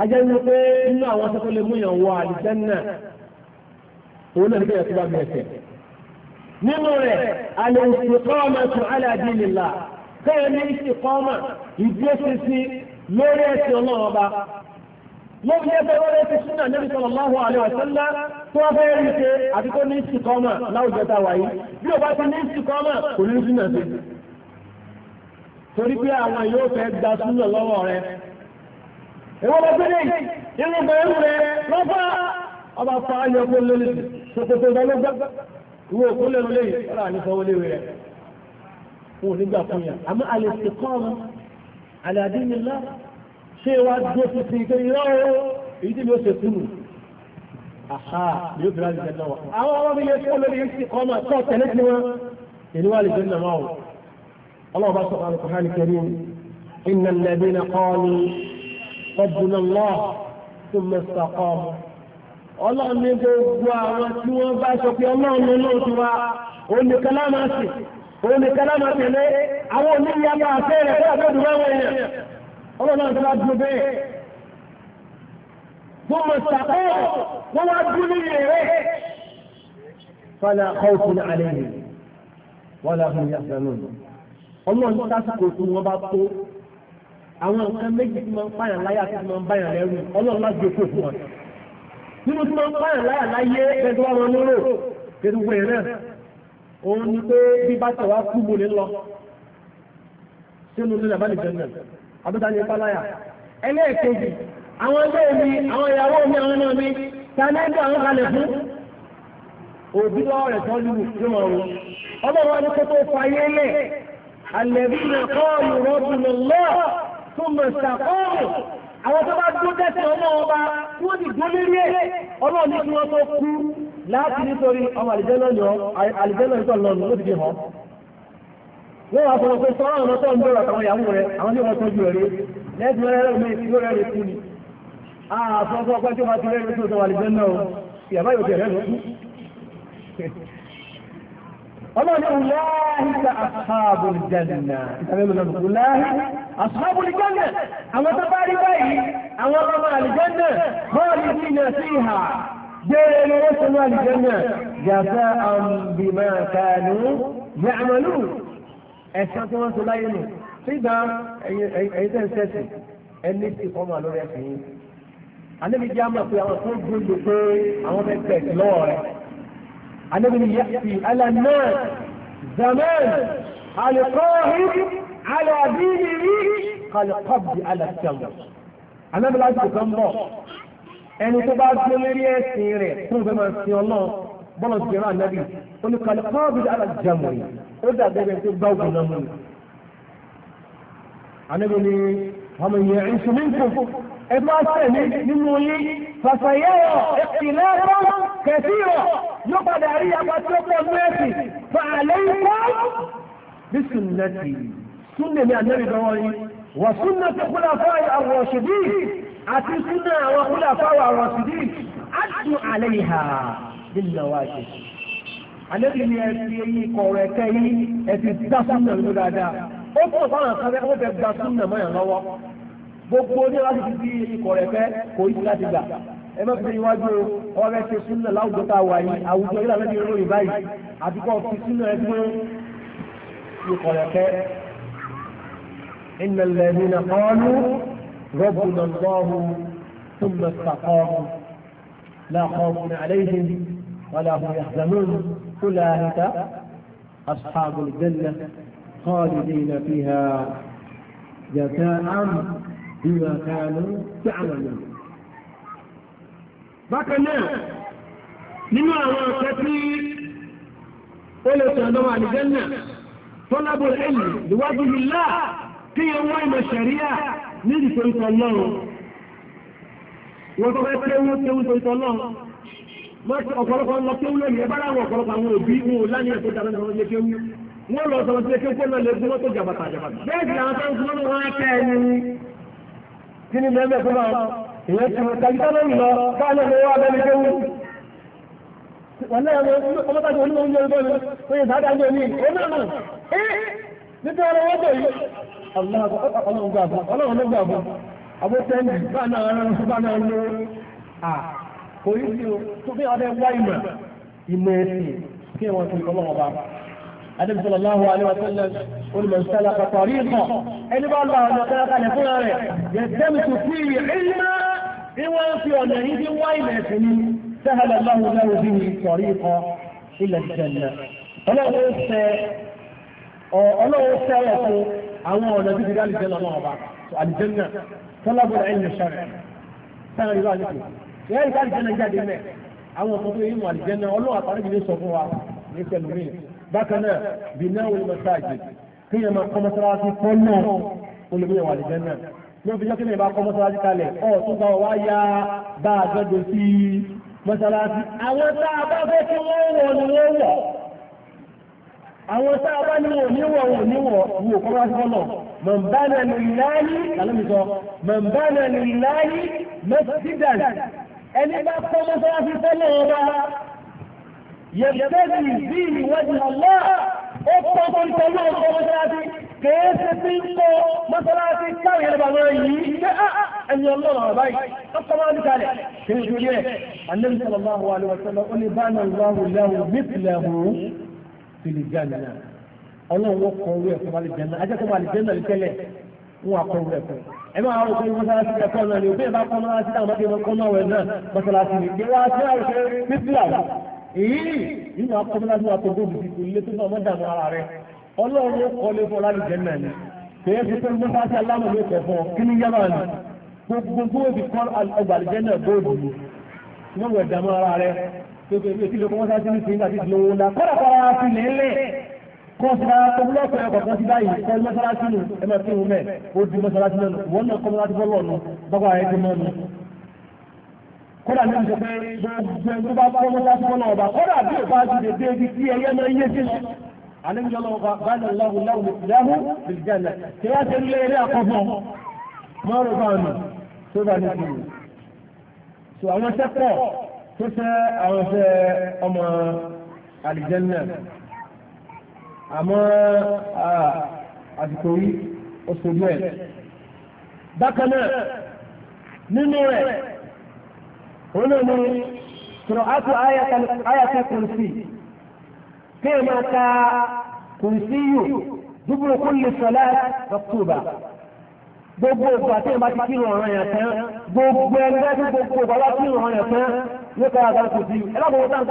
ajẹ́ pé inú àwọn sọ́kọ́ lè mú wọ àlìjọ́nù náà òun náà nígbà tó bá bí ẹsẹ̀. nínú rẹ̀ àlẹ́ ìsìnkọ́ọ̀mà kẹ́ẹ̀ ní mo fi ẹgbẹ́ wọ́n rẹ̀ ti súnà Nabi sallallahu alaihi wasallam tó wọ́n fẹ́ rí ṣe àti tó ní ìsìnkọ́mọ̀ láwùjọ ta wáyé bí o bá ti ní ìsìnkọ́mọ̀ kò ní súnà sí torí pé àwọn yóò fẹ́ gba súnà lọ́wọ́ rẹ̀ èwo lọ gbé lẹ́yìn inú bẹ̀rù rẹ̀ lọ́fà ọba fa ayọ̀ kó lórí ṣòkòtò ìdánilọ́gbà ìwé òkú lẹ́nu lẹ́yìn ọ̀rọ̀ ànífọwọ́ léwe rẹ̀ wọn ò fún yà àmọ́ àlè ìsìnkọ́mọ̀ àlè àdínilá ṣé wá dúró sí sí pé irọ́ èyí tí mi ó ṣe túnú àhá mi ó fi láti jẹ náà àwọn ọmọ mi lè kó lórí sí ọmọ tó tẹ̀lé sí wọn èyí wà lè jẹ náà wà ó ọlọ́run bá sọ̀rọ̀ àlùkò hàn kẹrí iná lẹ́bí na kọ́ọ̀lù ọ̀bùnà lọ́ tó mẹ́sà kọ́ ọlọ́run ní gbogbo àwọn tí wọ́n bá sọ pé ọlọ́run ní lóòótọ́ wa òun nìkan lá máa sì òun nìkan lá máa tẹ̀lé àwọn oníyàgbà àfẹ́ rẹ̀ fún àgbẹ̀dùn báwọn èèyàn ọlọ́run tó bá dúró bẹ́ẹ̀ wọ́n mọ̀ sàkó wọ́n wá dúró ní èrè fala khawfun alayhim wala hum yahzanun ọlọ́run sásìkò tí wọ́n bá tó àwọn nǹkan méjì tí máa ń pààyàn láyà tí máa ń báyàn lẹ́rù ọlọ́run láti jókòó fún wọn nínú tí máa ń pààyàn láyà láyé ẹgbẹ́ wọn lóró àbúta ní páláyà ẹlẹ́ẹ̀kejì àwọn ẹgbẹ́ omi, àwọn ìyàwó omi àwọn náà mi ta ní ẹgbẹ́ àwọn kalẹ̀ fún òbí lọ́wọ́ rẹ̀ tó lù ọrụ
wọn o ọmọ wọn ni kó tó fayé lẹ̀ alẹ́bí tó mọ̀ àwọn tó
ọba tí wọ́n ti dúró lérí ẹ̀ kí wọ́n tó kú láti nítorí ọmọ àlìjẹ́ lọ́nà àlìjẹ́ lọ́nà wọ́n wá fọ́nà pé sọ́rọ̀ ọmọ tó ń bẹ̀rẹ̀ àtàwọn ìyàwó rẹ̀ àwọn tí wọ́n tọ́jú rẹ̀ lẹ́tí wọ́n rẹ̀ mẹ́rin tí ó rẹ̀ kú ni àfọ́fọ́ pẹ́ tí wọ́n ti rẹ̀ tó wà lẹ́gbẹ́ náà ìyàbá yóò tẹ̀rẹ̀ lọ́kú ọmọ ní ọláhìta ẹ̀sán tí wọ́n so láyé nù sígbà ẹ̀yin tẹ́ ń sẹ́sì ẹni tí fọ́mà lórí ẹ̀sìn yìí anábì jẹ́ àmọ̀ pé àwọn tó gbóògbé pé àwọn fẹ́ tẹ̀ sí lọ́wọ́ rẹ̀ anábì ni yẹ́sì alànà zaman
alikọ́hí
alàbíyìí kalikọ́bì alàtẹ̀wò anábì láti bọ́lá ti rán ànábì ó ní kàlẹ́ kọ́ọ̀bì àlà jẹun yìí ó dà gẹ́gẹ́ tó gbá òkú náà mú mi. ànábì ni ọmọ yẹn ń sùn ní nkùn ẹ máa tẹ̀lé nínú yín fàṣàyẹ̀wò ìpìlẹ̀ ẹ̀rọ kẹ̀síwò yóò padà rí apá tí ó pọ̀ mẹ́ẹ̀sì fàálẹ́ ikọ́ bí sunnati sunna ni ànábì lọ́wọ́ yìí wà sunna tó kúlà fáwọn àwọn òṣèlú àti sunna àwọn kúlà fáwọn àwọn òṣèlú
àdùn àlẹ́ ìhà
nílùú wa ṣe. Àlébì ni ẹ̀sìn eyín kọ̀ọ̀rọ̀ ẹ̀kẹ́ yín ẹ̀sìn dá súnmọ̀ ló dáadáa. Ó pọ̀ fáwọn kan fẹ́ fẹ́ gba súnmọ̀ mọ́ yàn lọ́wọ́. Gbogbo ní láti fi bí eyín kọ̀ọ̀rọ̀ ẹ̀kẹ́ kò í láti gbà. Ẹ má fi iwájú ọ̀rẹ́ ṣe súnmọ̀ láwùjọ tá a wà yìí, àwùjọ yìí làwọn ènìyàn lóyìn báyìí. Àbíkọ́ fi súnmọ̀ ẹ fún ìkọ̀ọ̀rọ̀ ẹ̀kẹ́. Inna alladhina qalu rabbuna Allahu thumma istaqamu la khawfun alayhim ولا هم يحزنون أولئك أصحاب الجنة خالدين فيها جزاء بما كانوا يعملون بكنا لما هو كثير ولا تهدوا عن الجنة طلب العلم لوجه الله في يوم الشريعة نذكر الله وفاته وفاته وفاته ọ̀pọ̀lọpọ̀ ń lọ kéwú lónìí ẹ bá láwọn ọ̀pọ̀lọpọ̀ àwọn òbí wọn ò lánìí ẹ̀kọ́ dáná lọ́wọ́ lé kéwú wọ́n lọ sọ̀rọ̀ sí kéwú náà lè gbọ́n tó jàbàtà jàbàtà. bẹ́ẹ̀ ni àwọn tó ń fún wọn kẹ́ ẹni kí ni bẹ́ẹ̀ fún wa ìyẹn ti wọ́n tàbí tọ́lọ́ ń lọ báwọn ọmọ wa bẹ́ẹ̀ ni kéwú. wọ́n náà ọmọ tàbí onímọ̀ oúnjẹ kò rí sí o tó bí ọdẹ wá ìmọ̀ ìmọ̀ ẹ̀sìn kí wọ́n ti kọ́ lọ́wọ́ bá adébí sọlọ láhùn aléwàtẹ́lẹ̀ olùmọ̀sálà pàtàkì ìmọ̀ ẹni bá lọ àwọn ọ̀tẹ́ kalẹ̀ fúnra rẹ̀ yẹ tẹ́mi tó fi ìmọ̀ bí wọ́n fi ọ̀nà yìí wá ìmọ̀ ẹ̀sìn ni sẹ́hàlẹ̀ láhùn láhùn bí mi sọ̀rí ikọ̀ ilẹ̀ ìjẹ̀lẹ̀ ọlọ́wọ́ sẹ́ ẹ̀kọ́ àwọn ọ̀nà bíbí dá lọ́wọ́ ọba àlìjẹ́ náà tọ́lábọ̀lá ìyá ìka àlìjẹ́nà jáde mẹ́ àwọn ọ̀sán tó yẹ ìmọ̀ àlìjẹ́nà ọlọ́wọ́ àtàrí ìdílé sọ fún wa ní pẹ̀lú mi bákan náà bí náà wọlé mọ́sáàjì kí yẹn máa kọ́ mọ́sálásí kọ́ náà olùgbé wà àlìjẹ́nà ní òfin jọ́kí nìyẹn bá kọ́ mọ́sálásí kalẹ̀ ọ̀ tó gba wá ya bá a gbọ́dọ̀ sí mọ́sálásí. àwọn tá a bá fẹ́ kí wọ́n wọ̀ ni wọ̀ àwọn tá bá ní wọ̀ ní wọ̀
ẹni bá kọ́ mọ́sálásí tẹ́lẹ̀ ọba
yẹ̀bẹ́bì bí ìwọ́dì ọlọ́
ó kọ́ tó ń tẹ́lẹ̀ ọkọ̀ mọ́sálásí kèé ṣe tí ń kọ́ mọ́sálásí káwọn yẹ̀rẹ̀ bàbá yìí ṣe ah, ah,
ẹni ọlọ́rọ̀ ọ̀bá yìí ọkọ̀ máa kalẹ̀ kí ni ìjúlẹ̀ annabi sallallahu ó ní bá náà láwù láwù mithlahu fil janna ẹ̀kọ́
wọn àkọ́ rẹ̀ fún ẹ máa rò pé mọ́sálásí rẹ̀ kọ́ náà ni òbí ìbá kọ́ náà sí àwọn ọmọdé kọ́ náà wẹ̀ náà mọ́sálásí rẹ̀ kí wọ́n á ti ráyè pé bíbélà
èyí nínú akọ́mọ́lájú àtọ́gbòbù ti kò lé tó náà mọ́dàmú ara rẹ̀ ọlọ́run ó kọ́lé fún ọlá nìjẹ́ náà ni kèé fi pé mọ́sálásí aláwọ̀ ló kẹ̀ fún ọ kí ni yára ni gbogbo gbòòbí kọ́ ọgbà nìjẹ́ náà gbòòbù ni wọ́n wẹ̀ dàmú ara rẹ̀ tó kẹ́ kọ́ sí ara tó lọ́pọ̀ ẹ̀kọ́ kan sí báyìí kọ́ ní mọ́sálásí nù ẹ máa fi hùn mẹ́ ó di mọ́sálásí lọ́nà wọ́n náà kọ́ mọ́sálásí bọ́lọ̀ nù bọ́gbà rẹ̀ ti mọ́ nù. kódà ní ìjọba gbogbo ẹni tó bá kọ́ mọ́sálásí bọ́lọ̀ ọba kódà bí ó bá ti lè dé ibi tí ẹyẹ máa ń yé sí lọ. àlejò lọ́wọ́ bá ní ọlọ́run láwùjọ ìdáhùn ní kúrò. so àwọn sẹ́pọ̀ tó àmọ́ àsìkò yìí ó ẹ̀. bákan nínú rẹ̀ òun náà ni sọ̀rọ̀ àpò ayàtà kùrìsì kí ẹ máa ka kùrìsì yìí dúbúrò kó lè sọ̀lá gbogbo ògbà tí ìbá ti kírun ọ̀ràn yẹn tán gbogbo ẹgbẹ́ tí gbogbo ògbà bá kírun ọ̀ràn yẹn tán kò sí ẹlọ́gbọ̀n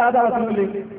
sí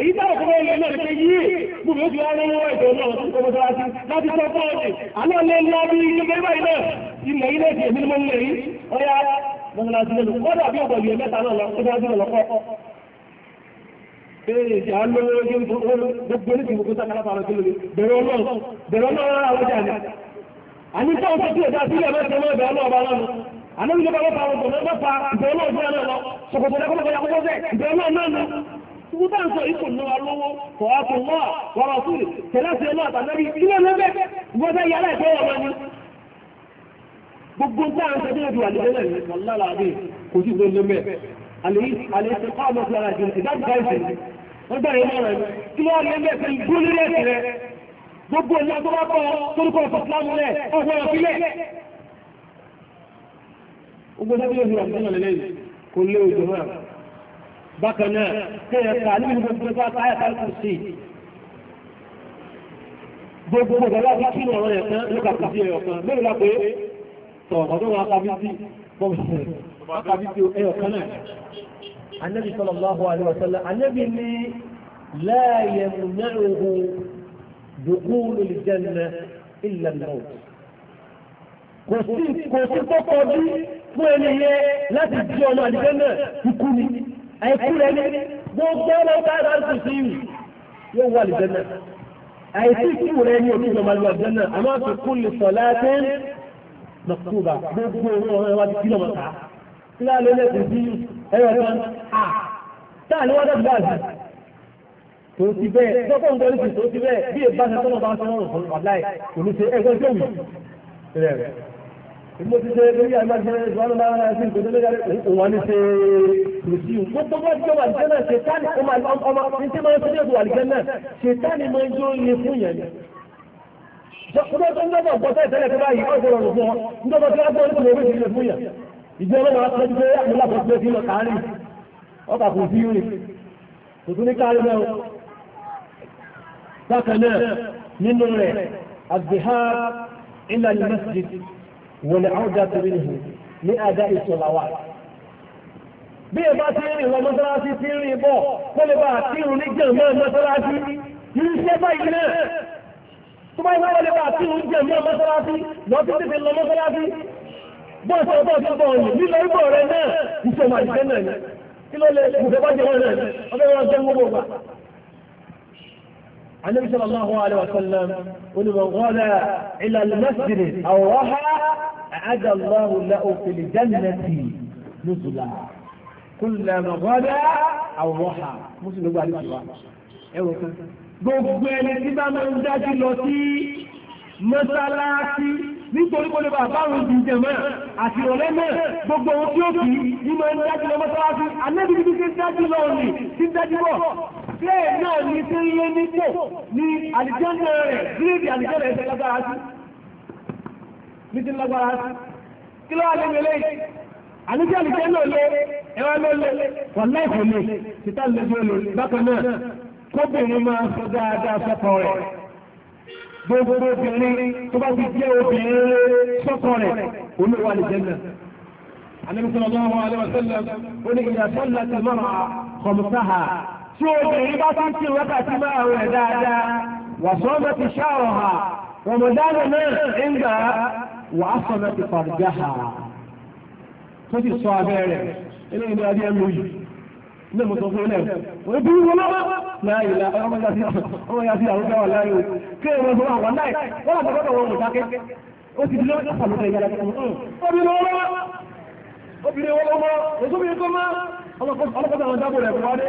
èyí táwọn tó bẹ́ẹ̀ lẹ́nà ìpé yìí gbogbo ojú ara lọ́wọ́ ẹ̀dọ̀ náà tó kọ́ mọ́sára sí láti sọ fún ọ̀dẹ̀ alọ́lẹ́ ńlá bí ilé bẹ́ẹ̀ náà ilẹ̀ ilé ti èmi mọ́ ilé yìí ọya mọ́sára sí lẹ́nu kọ́dà bí ọ̀pọ̀ ìyẹn mẹ́ta náà lọ́kọ́ dájú lọ́kọ́ Bẹ́ẹ̀ni ìjà lọ́wọ́ ojú gbogbo ní ìgbòkó sákàlápàá lọ sí lórí bẹ̀rẹ̀ ọlọ́run bẹ̀rẹ̀ ọlọ́run àwọn ọjà ni.
Àní sọ́ọ̀ tó tí ẹ̀dá sílẹ̀ mẹ́ta mọ́ ẹ̀bẹ̀ ọlọ́ọ̀bá lọ́nu. Àní ìjọba lọ́pàá ọgbọ̀n mẹ́fà ìbẹ̀rẹ̀ ọlọ́run náà lọ. Sọ̀kọ̀tọ̀ lẹ́kọ̀ọ́
Gbogbo bá ń sọ ikò náà lówó, kọ̀wàtò wọ́n wọ́n fún tẹ̀láṣẹ́ ọlọ́ àtàlẹ́rí ilé lẹ́gbẹ́, gbọ́dá yàrá ìfẹ́ ọmọ ni. Gbogbo bá ń sọ bí ẹ̀dùn àlẹ́lẹ́ rẹ̀ lọ́lára rẹ̀ kò sí ìwé lẹ́mẹ̀. Àlẹ́ ti kọ́ ọmọ fúnra jù ìdájú bá ìfẹ́. Wọ́n bẹ̀rẹ̀ mọ́ rẹ̀ kí wọ́n lé mẹ́ fún ìgbó lórí ẹ̀sìn rẹ̀.
Gbogbo ìlú agbọ́dá kọ́ torúkọ ìfọ̀sílámù rẹ̀ ọ̀gbọ́n ọ̀fílẹ̀.
Gbogbo sábẹ́ ìlú àgbọ̀n lẹ́lẹ́yìn kò lé òjò náà bákan náà kẹ́ẹ̀ẹ́ta ní ìlú gbogbo bá táyà táyà kù sí gbogbo ìgbàlá bí kí ọ̀rọ̀ yẹn tán ló kàkà sí ẹ̀yọ̀ kan lórí lápé tọ̀ọ̀kọ̀ tó wọn kàbí sí bọ́ọ̀sẹ̀ kàbí sí ẹ̀yọ̀ kan náà anẹ́bí sallallahu alaihi wa sallam anẹ́bí ní la yamna'uhu dukhulu al-janna illa al-maut kò sí kò sí tó kọjú fún ẹni yẹn láti jí ọmọ àdìgẹ́ náà ikú ni àìkú rẹ̀ ní gbogbo ọmọ káàdà ń tùsí ìwù yóò wà lè jẹ́nà àìsí ìkú rẹ̀ ní òkú ìjọba lè jẹ́nà àmọ́ àti kú lè sọ láti nọ̀kúba gbogbo owó ọmọ ẹwà ti kí lọ́mọ ká kí láà lè lẹ́sìn sí ẹyọ kan à táà ní wọ́n dẹ̀ sí tó ti bẹ́ẹ̀ tọ́kọ̀ ń gbọ́lé tó ti bẹ́ẹ̀ bí ìbáṣẹ tọ́lọ́ bá ń sọ mo ti ṣe lórí àgbàṣe ìṣòwò náà náà sí ìgbésẹ̀ lórí àgbàṣe òun ni ṣe kò sí o. gbogbo bá jọ wà lìjẹ́ náà ṣètánì ọmọ ọmọ ní tí máa ń ṣe wà lìjẹ́ náà ṣètánì máa ń jó iye fún yẹn ni. ìjọba tó ń gbọ́dọ̀ gbọ́dọ̀ ìtẹ́lẹ̀ tó báyìí ọ̀gbọ̀n ọ̀rọ̀ fún wọn ìjọba tó ń gbọ́dọ̀
ìtẹ́lẹ̀ tó báyìí fún
yẹn. والعودة منه لأداء الصلوات bí ẹ bá ti rìn lọ mọ́sálásí ti rìn bọ̀ kó lè bá àtìrún ní jẹ̀mọ́ mọ́sálásí yìí ṣe báyìí náà tó bá ìwọ́n lè bá àtìrún jẹ̀mọ́ mọ́sálásí lọ́tí títí lọ mọ́sálásí bọ́ọ̀sì ọgbọ́ọ̀sì bọ̀ ọ̀yìn nílò ìbọ̀ rẹ náà ìṣòwò àìsẹ́ náà ni kí ló lè kùfẹ́ bá jẹ́ wọn náà ọbẹ̀ wọn jẹ́ gbogbo النبي صلى الله عليه وسلم قل من غدا إلى المسجد أو رحى أعد الله له في الجنة نزلا كل من غدا أو رحى مسلم قال الله gbogbo ẹni tí bá máa ń dájú lọ sí mọ́sálásí nítorí kó lè bá báwọn ìdíjẹ mọ́ àti ìrọ̀lẹ́ mọ́ gbogbo ohun tí ó kì í ní máa ń dájú lọ mọ́sálásí anẹ́bí tí ń dájú lọ ní tí ń dájú lọ
bẹ́ẹ̀ náà ní tí ń
lé ní tò ní àlìjẹ́nà rẹ̀ gírèdì àlìjẹ́nà ẹ̀ṣẹ̀ lágbára sí ní ti lágbára sí
kí ló wà lé mele àlìjẹ́ àlìjẹ́nà lé ẹwà ló lé
wà láìpẹ́ lé títà lé bí ó lè bákan náà kóbìnrin máa sọ dáadáa sọ́kọ rẹ̀ gbogbo obìnrin tó bá ti jẹ́ obìnrin sọ́kọ rẹ̀ olówó àlìjẹ́nà النبي صلى الله عليه وسلم قل إذا المرأة خمسها tí obìnrin bá tún kí wákàtí máa rẹ̀ dáadáa wà sọ́dọ̀ ti ṣáàrọ̀ ha rọmọdánù náà ń gbà wà á sọ̀rọ̀ ti pàdùgá ha tó ti sọ abẹ́ rẹ̀ ilé ìlú adé ẹnu yìí ní mo sọ fún ilé ẹ̀ ebi wọn lọ́wọ́ láàyè la ọmọ ya sí ọmọ ya sí àrùkẹ́ wà láàyè o kí ẹ̀rọ sọ àwọn láì wọ́n àti ọ̀dọ́ wọn ò dákẹ́ ó ti di lọ́wọ́ pàlùkẹ́ ìyára obìnrin wọn lọ́wọ́ obìnrin wọn lọ́wọ́ èso mi kọ́ mọ́ ọlọ́kọ́ àwọn dábò rẹ̀ kọ́ wá dé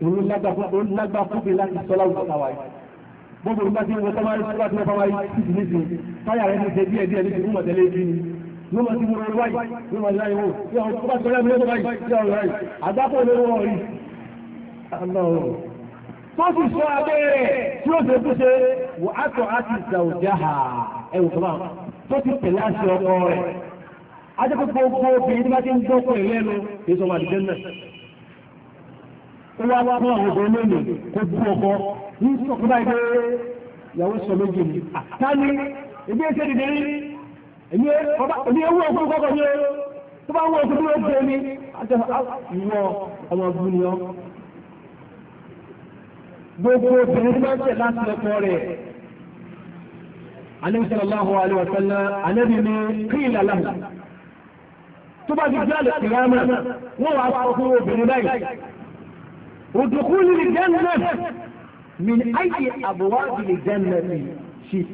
ìròyìn lágbà fún mi láti sọ́lá òṣèlú àwáyé gbogbo nígbà tí wọ́n sọ́mọ́ ìṣúgbà tí wọ́n bá wáyé títí ní ìsìn táyà rẹ̀ ní ṣe díẹ̀ díẹ̀ ní ìṣúgbà tẹ́lẹ̀ ìbí ni ló lọ́wọ́ báyìí yóò rẹ̀ àgbákò wọ́n
rí.
wò á tọ́ tó ti tẹ̀lé àṣẹ ọkọ rẹ̀ á gbogbo obìnrin tí wọ́n ti ń dọ́kọ̀ ìlẹ́nu èso màdìjẹ́ náà ó wá wá mọ́ ọ̀gbọ̀n lónìí kó bú ọkọ ní sọ̀kúnbá ìgbé ìyàwó sọ méjì ni. Tani ebi ẹsẹ̀ dìde rí èmi ewu ọkọ̀ kọ́kọ́ ní o tó bá wọ ọkọ̀ tó ló dé ní ìwọ ọmọ ọdún ni ọ. Gbogbo obìnrin tó bá ń tẹ̀ láti lọ́kọ rẹ̀. Ànábì sallallahu alaihi wa sallam tó bá ti gbé àlè kìlámà wọ́n wá sọ fún obìnrin báyìí. ودخول الجنة من أي أبواب الجنة شئت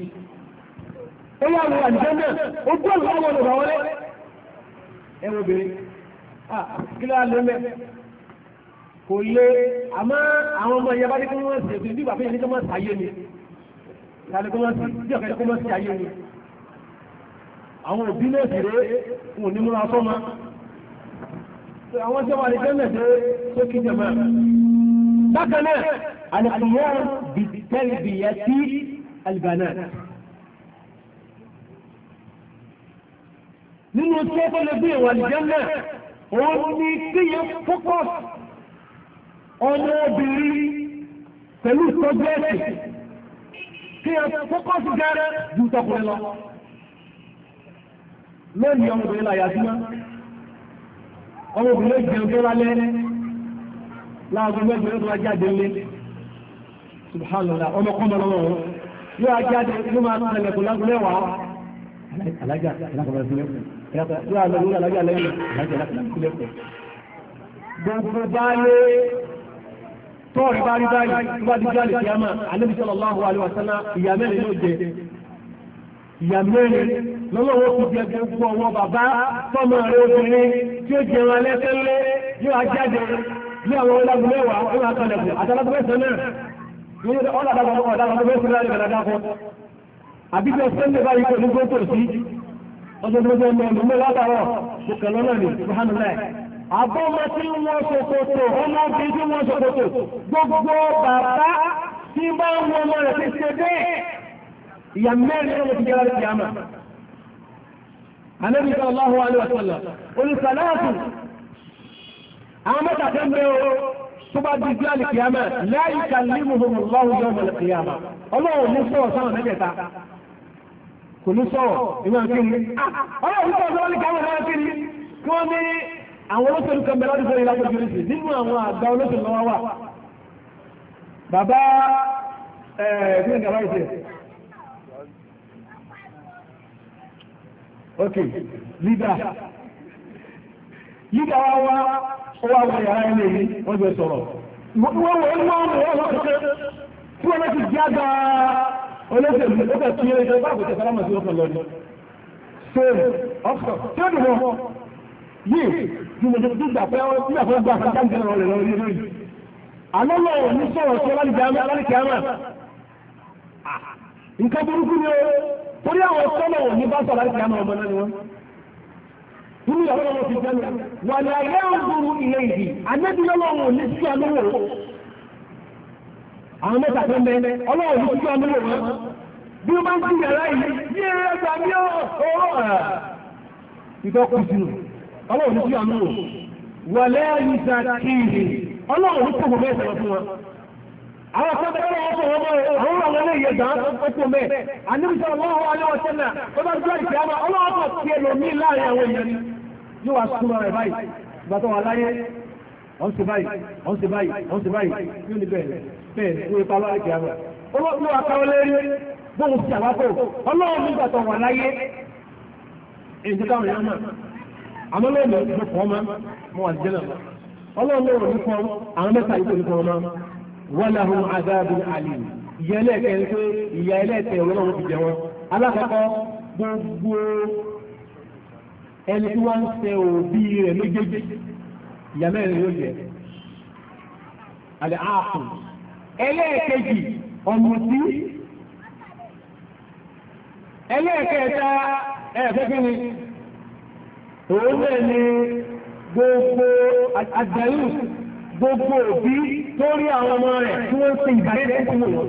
ẹwà àwọn àjẹ́mẹ́ ogún àwọn ọ̀nà wọlé ẹwọ obìnrin kílá lẹ́mẹ́ kò lè àmọ́ àwọn ọmọ ìyẹn bá ní kí wọ́n sì ètò ìdígbà fún ìyẹn kí wọ́n sì ayé ni láti kí wọ́n sì bí ọ̀kẹ́ kí wọ́n sì ayé ni àwọn òbí náà sì rèé wọn ò ní múra fọ́mọ àwọn tí wọ́n wà ní jẹ́mẹ̀ dé sókè jẹ́mẹ́ bákan náà àlùkìyà bìtẹ́lìbìyà tí àlùbànà. nínú tí ó tọ́lẹ̀ bí ìwà àlùjánnà òun ni kíyàn fókọ́s ọmọ obìnrin pẹ̀lú ìtọ́jú ẹ̀sìn kíyàn fókọ́s gẹ́rẹ́ ju tọkùnrin lọ lónìí ọmọbìnrin làyà sí ọmọbìnrin jẹun tó lálẹ́ láàgbé mẹ́jọ gbogbo bá rí tó bá di jáde mẹ́rin ló jẹ mẹ́rin lọ́lọ́wọ́ jẹ gbogbo ọwọ́ bàbá obìnrin tí ó jẹun ní àwọn ọlọ́gbọ̀n mẹ́wàá ó máa kan lẹ̀kùn àtàlágbẹ́sẹ̀ náà ní ọlọ́dàgbọ̀n ọ̀dàgbọ̀n náà ní kàdàdàkọ́ àbíjọ sẹ́lẹ̀ báyìí pẹ̀lú gbọ́tò sí ọjọ́ tó jẹ́ mẹ́rin mẹ́rin látàrọ̀ ṣùkẹ̀lọ́ náà ní ṣùhánùláì àbọ́mọ tí wọ́n ṣokòtò ọmọ bíi tí wọ́n ṣokòtò gbogbo bàbá tí bá ń wọ ọmọ rẹ̀ ti ṣe bẹ́ẹ̀ ìyá mẹ́rin ló ti jẹ́ra ti àmà. Ànábì sallallahu alaihi wa sallam. Olùsàlátù àwọn mẹ́ta o tó di bíi alìkìyàmẹ́ láyé kàlí muhammadu lọ́wọ́ yọ ọmọ alìkìyàmẹ́ ọlọ́run ní sọ̀rọ̀ sáwọn mẹ́tẹ̀ẹ̀ta kò ní sọ̀rọ̀ ìwọ̀n kí ni
ah, ni kan
ok leader yíká wá wá ó wá wọ yàrá ilé yìí wọ́n jẹ sọ̀rọ̀ wọ́n wọ inú ọmọ wọn wọ́n kẹ́kẹ́ tí wọ́n ti já gba olóṣèlú ó kẹ́ tún ilé bá àbùtẹ̀ sálámà sí ọkàn lọ́dún ṣe ọkọ̀ tí ó dùn wọn yìí ju mo ti gbà pé wọ́n gbà fún gbà fún jáde lọ́wọ́ rẹ̀ lọ́wọ́ yìí àmọ́ wọn ò ní sọ̀rọ̀ sí alálìkẹ́ àmà ah, nǹkan burúkú ni ó torí àwọn sọ́nà ò ní bá sọ̀rọ̀ alálìkẹ́ àmà ọmọ náà wọ́n nínú ìyàwó lọ́wọ́ ti jẹ́ wà ní ayé ògùrù ilé ìdí àmẹ́bí lọ́wọ́ ní àmúwò àwọn mẹ́ta yóò wá súnmọ́ rẹ̀ báyìí ìgbà tó wà láyé wọ́n ti báyìí wọ́n ti báyìí wọ́n ti báyìí yóò ní bẹ́ẹ̀ bẹ́ẹ̀ ní ipa lọ́rẹ̀ kìí àwọn olóògbé wa káwọ́ lérí bóun ti àwákò ọlọ́run nígbà tó wà láyé èyí káwọn èèyàn náà
àmọ́ lóòrùn ló fọ́ ọmọ mo wà jẹ́ náà
ọlọ́run lóòrùn ló fọ́ àwọn mẹ́ta ń pé ìyá ẹlẹ́ẹ̀kẹ́ ìwé ti jẹ wọn alákọ̀ọ́kọ́ gbogbo ẹni tí wọ́n ń ṣe òbí rẹ̀ méjèèjì ìyá mẹ́rin ló jẹ́ àlẹ́ ààfù ẹlẹ́ẹ̀kejì ọ̀mùtí ẹlẹ́ẹ̀kẹta ẹ̀ẹ́fẹ́fẹ́ ni òun náà ni gbogbo àgbẹ̀rù gbogbo òbí tó rí àwọn ọmọ rẹ̀ tí wọ́n ń ṣe ìbàdí ẹ̀kọ́ wọn.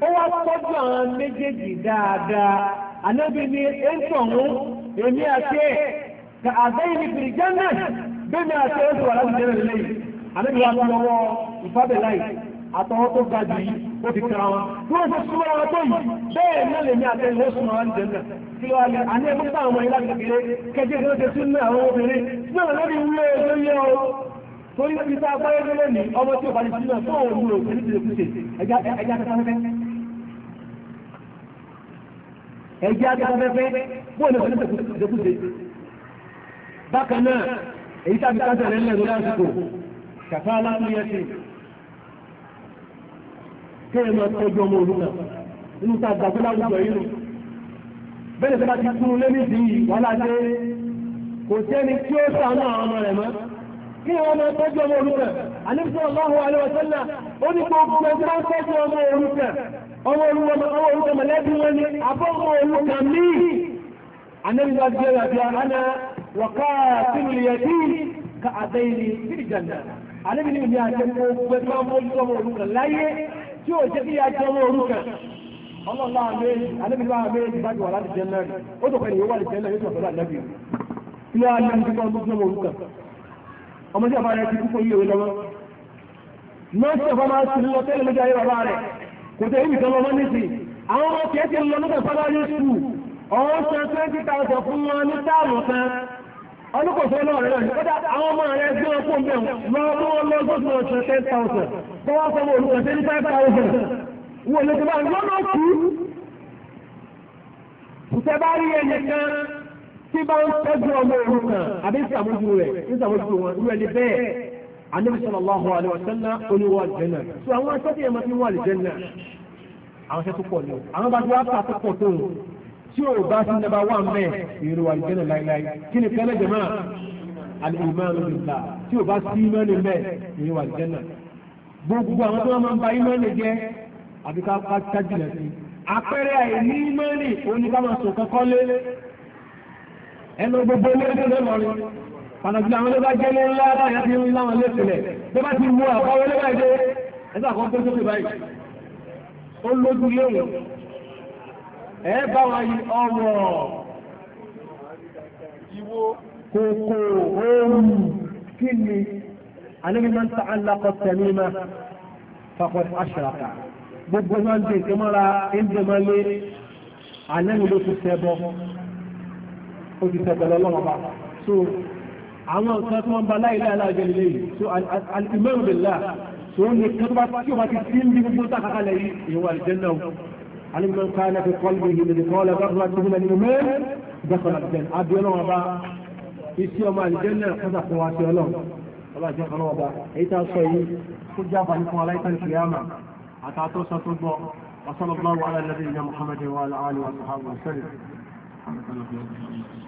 ó wá tọ́jú àwọn méjèèjì dáadáa anábì ni ó ń tọ̀hún èmi àti ẹ̀ ka àbẹ́yìn ní pìrìjánà bẹ́ẹ̀ni àti ẹ̀ ó wà láti jẹ́rẹ̀ lẹ́yìn anábì wa lọ́wọ́ ìfábẹ̀ láì àtọwọ́ tó ga jù yìí ó ti tẹ̀ra wọn bí wọ́n ti súnmọ́ wọn tó yìí bẹ́ẹ̀ náà lèmi àti ẹ̀ ló súnmọ́ wọn jẹ́ náà kí ló wá lẹ́ àní ẹ̀mú bá àwọn ilá kékeré kẹjẹ kí ó ti sún ní àwọn obìnrin náà lórí wúlé ló yẹ ọ torí ibi tá a lónìí ọmọ tí ò bá ti sún náà tó òun lò pẹ̀lú ìdílé kúṣe ẹja kẹta fẹ́fẹ́ ẹ̀jẹ̀ adébáfẹ́fẹ́ bóòlù ọ̀sẹ̀ lẹ́kùsẹ̀
bákan náà èyí tàbí káńtà rẹ̀ lẹ́nu lásìkò
kàfá aláàmúyẹ́sì kéèyàn máa tọ́jú ọmọ òrùka nínú tá a gbà fún láwùjọ yìí nù bẹ́ẹ̀ tó bá ti kú lẹ́nu sí i wàhálà dé kò sẹ́ni tí ó sànú àwọn ọmọ rẹ̀ mọ́ kí wọ́n máa tọ́jú ọmọ òrùka àníbísọ̀ ọlọ́run alẹ́ wọ́sẹ́lá ó ní gbogbo ẹgbẹ́ tọ́jú ọmọ òrùka ọwọ́ orúkọ mọ̀lẹ́bí wọn ni abọ́mọ orúkọ míì anẹ́bíwá bí ẹ̀rọ àti àná wọ̀ká sínú yẹtí ka àtẹ́yìnì sílì jàǹdà anẹ́bí ni mi àjẹ́ mọ́ pẹ̀lú ọmọ orúkọ láyé tí ó jẹ́ kí a jẹ́ ọmọ orúkọ ọlọ́lá àmẹ́yìn anẹ́bíwá àmẹ́yìn bá ti wà láti jẹ́ náà ó tó pẹ̀lú ìwọ́n ìjẹ́ náà yóò sọ̀rọ̀ àlẹ́bí ilé alẹ́ ní kíkọ́ ọdún lọ́wọ́ nọ́ọ̀sì ọ̀fọ́ máa ń lọ tẹ́lẹ̀ lójú ayé bàbá rẹ̀ kò tẹ̀ ibi kan lọ́mọ nísì àwọn ọmọ tiẹ̀ ti lọ nígbà sábà ní sùn ọ̀hún san twenty thousand fún wọn ní táàmù kan ọlọ́kọ̀ọ́sọ náà rẹ̀ náà kọ́dá àwọn ọmọ rẹ̀ gbé ọkọ̀ ń bẹ̀rù lọ́wọ́ bí wọ́n lọ́gbọ́n sí ọ̀sẹ̀ ten thousand tọ́wọ́ sọmọ olùkọ̀ọ́sẹ́ ní five thousand wọ́n lè tẹ́lá lọ́nà kú ìtẹ́ bá rí ẹni kan
tí bá ń tọ́jú ọmọ òrukàn àbí ìsàmójú rẹ̀ ìsàmójú wọn irú ẹni bẹ́ẹ̀ Ànábì sallallahu alaihi wasallam oníwọ̀ jẹ́nà so àwọn akẹ́kẹ́ yẹn máa fi wà lè jẹ́nà
àwọn akẹ́kẹ́ pọ̀ ní o àwọn bá ti wá pàtó pọ̀ tó o tí o bá ti nàbà wà mẹ́ ìrò wà lè jẹ́nà láíláí kí ni kẹ́lẹ́ jẹ́ máa al-imanu billah tí o bá sí ìmánì mẹ́ ìrò wà lè jẹ́nà gbogbo àwọn tó máa ń ba ìmánì jẹ́
àbí ká ká jìnà sí
àpẹẹrẹ àìní ìmánì oníkàmọ̀sọ̀ kankan lé ẹ pàtàkì àwọn olóbá jẹ́ lé ńlá báyá fi ń láwọn lẹ́sìnlẹ̀ tó bá ti mú àkọwọ́ olóbá jẹ́ ẹ̀sà kan tó sókè báyìí ó lójú léwọ̀n ẹ bá wọn yí ọwọ́ ìwó kòkò ooru kí ni alẹ́gbẹ̀mọ́ ta alákọ̀tẹ̀ mímọ́ fàkọ̀ aṣàràkà gbogbo náà ń dè kí mọ́ra ń dè mọ́ lé alẹ́gbẹ̀mọ́ ti sẹ́bọ̀ ó ti sẹ́bọ̀ lọ́wọ́ àwọn nǹkan tí wọ́n bá láìlá aláàjẹ́lélé yìí so alìmọ́rù bèlá so ní kí wọ́n ti sí ń bí gbogbo tàkàkàlẹ̀ yìí ìwà àlìjẹ́nà alìmọ́ ká ní fi kọ́lù yìí lè kọ́ lọ
وصلى الله على نبينا محمد وعلى اله وصحبه وسلم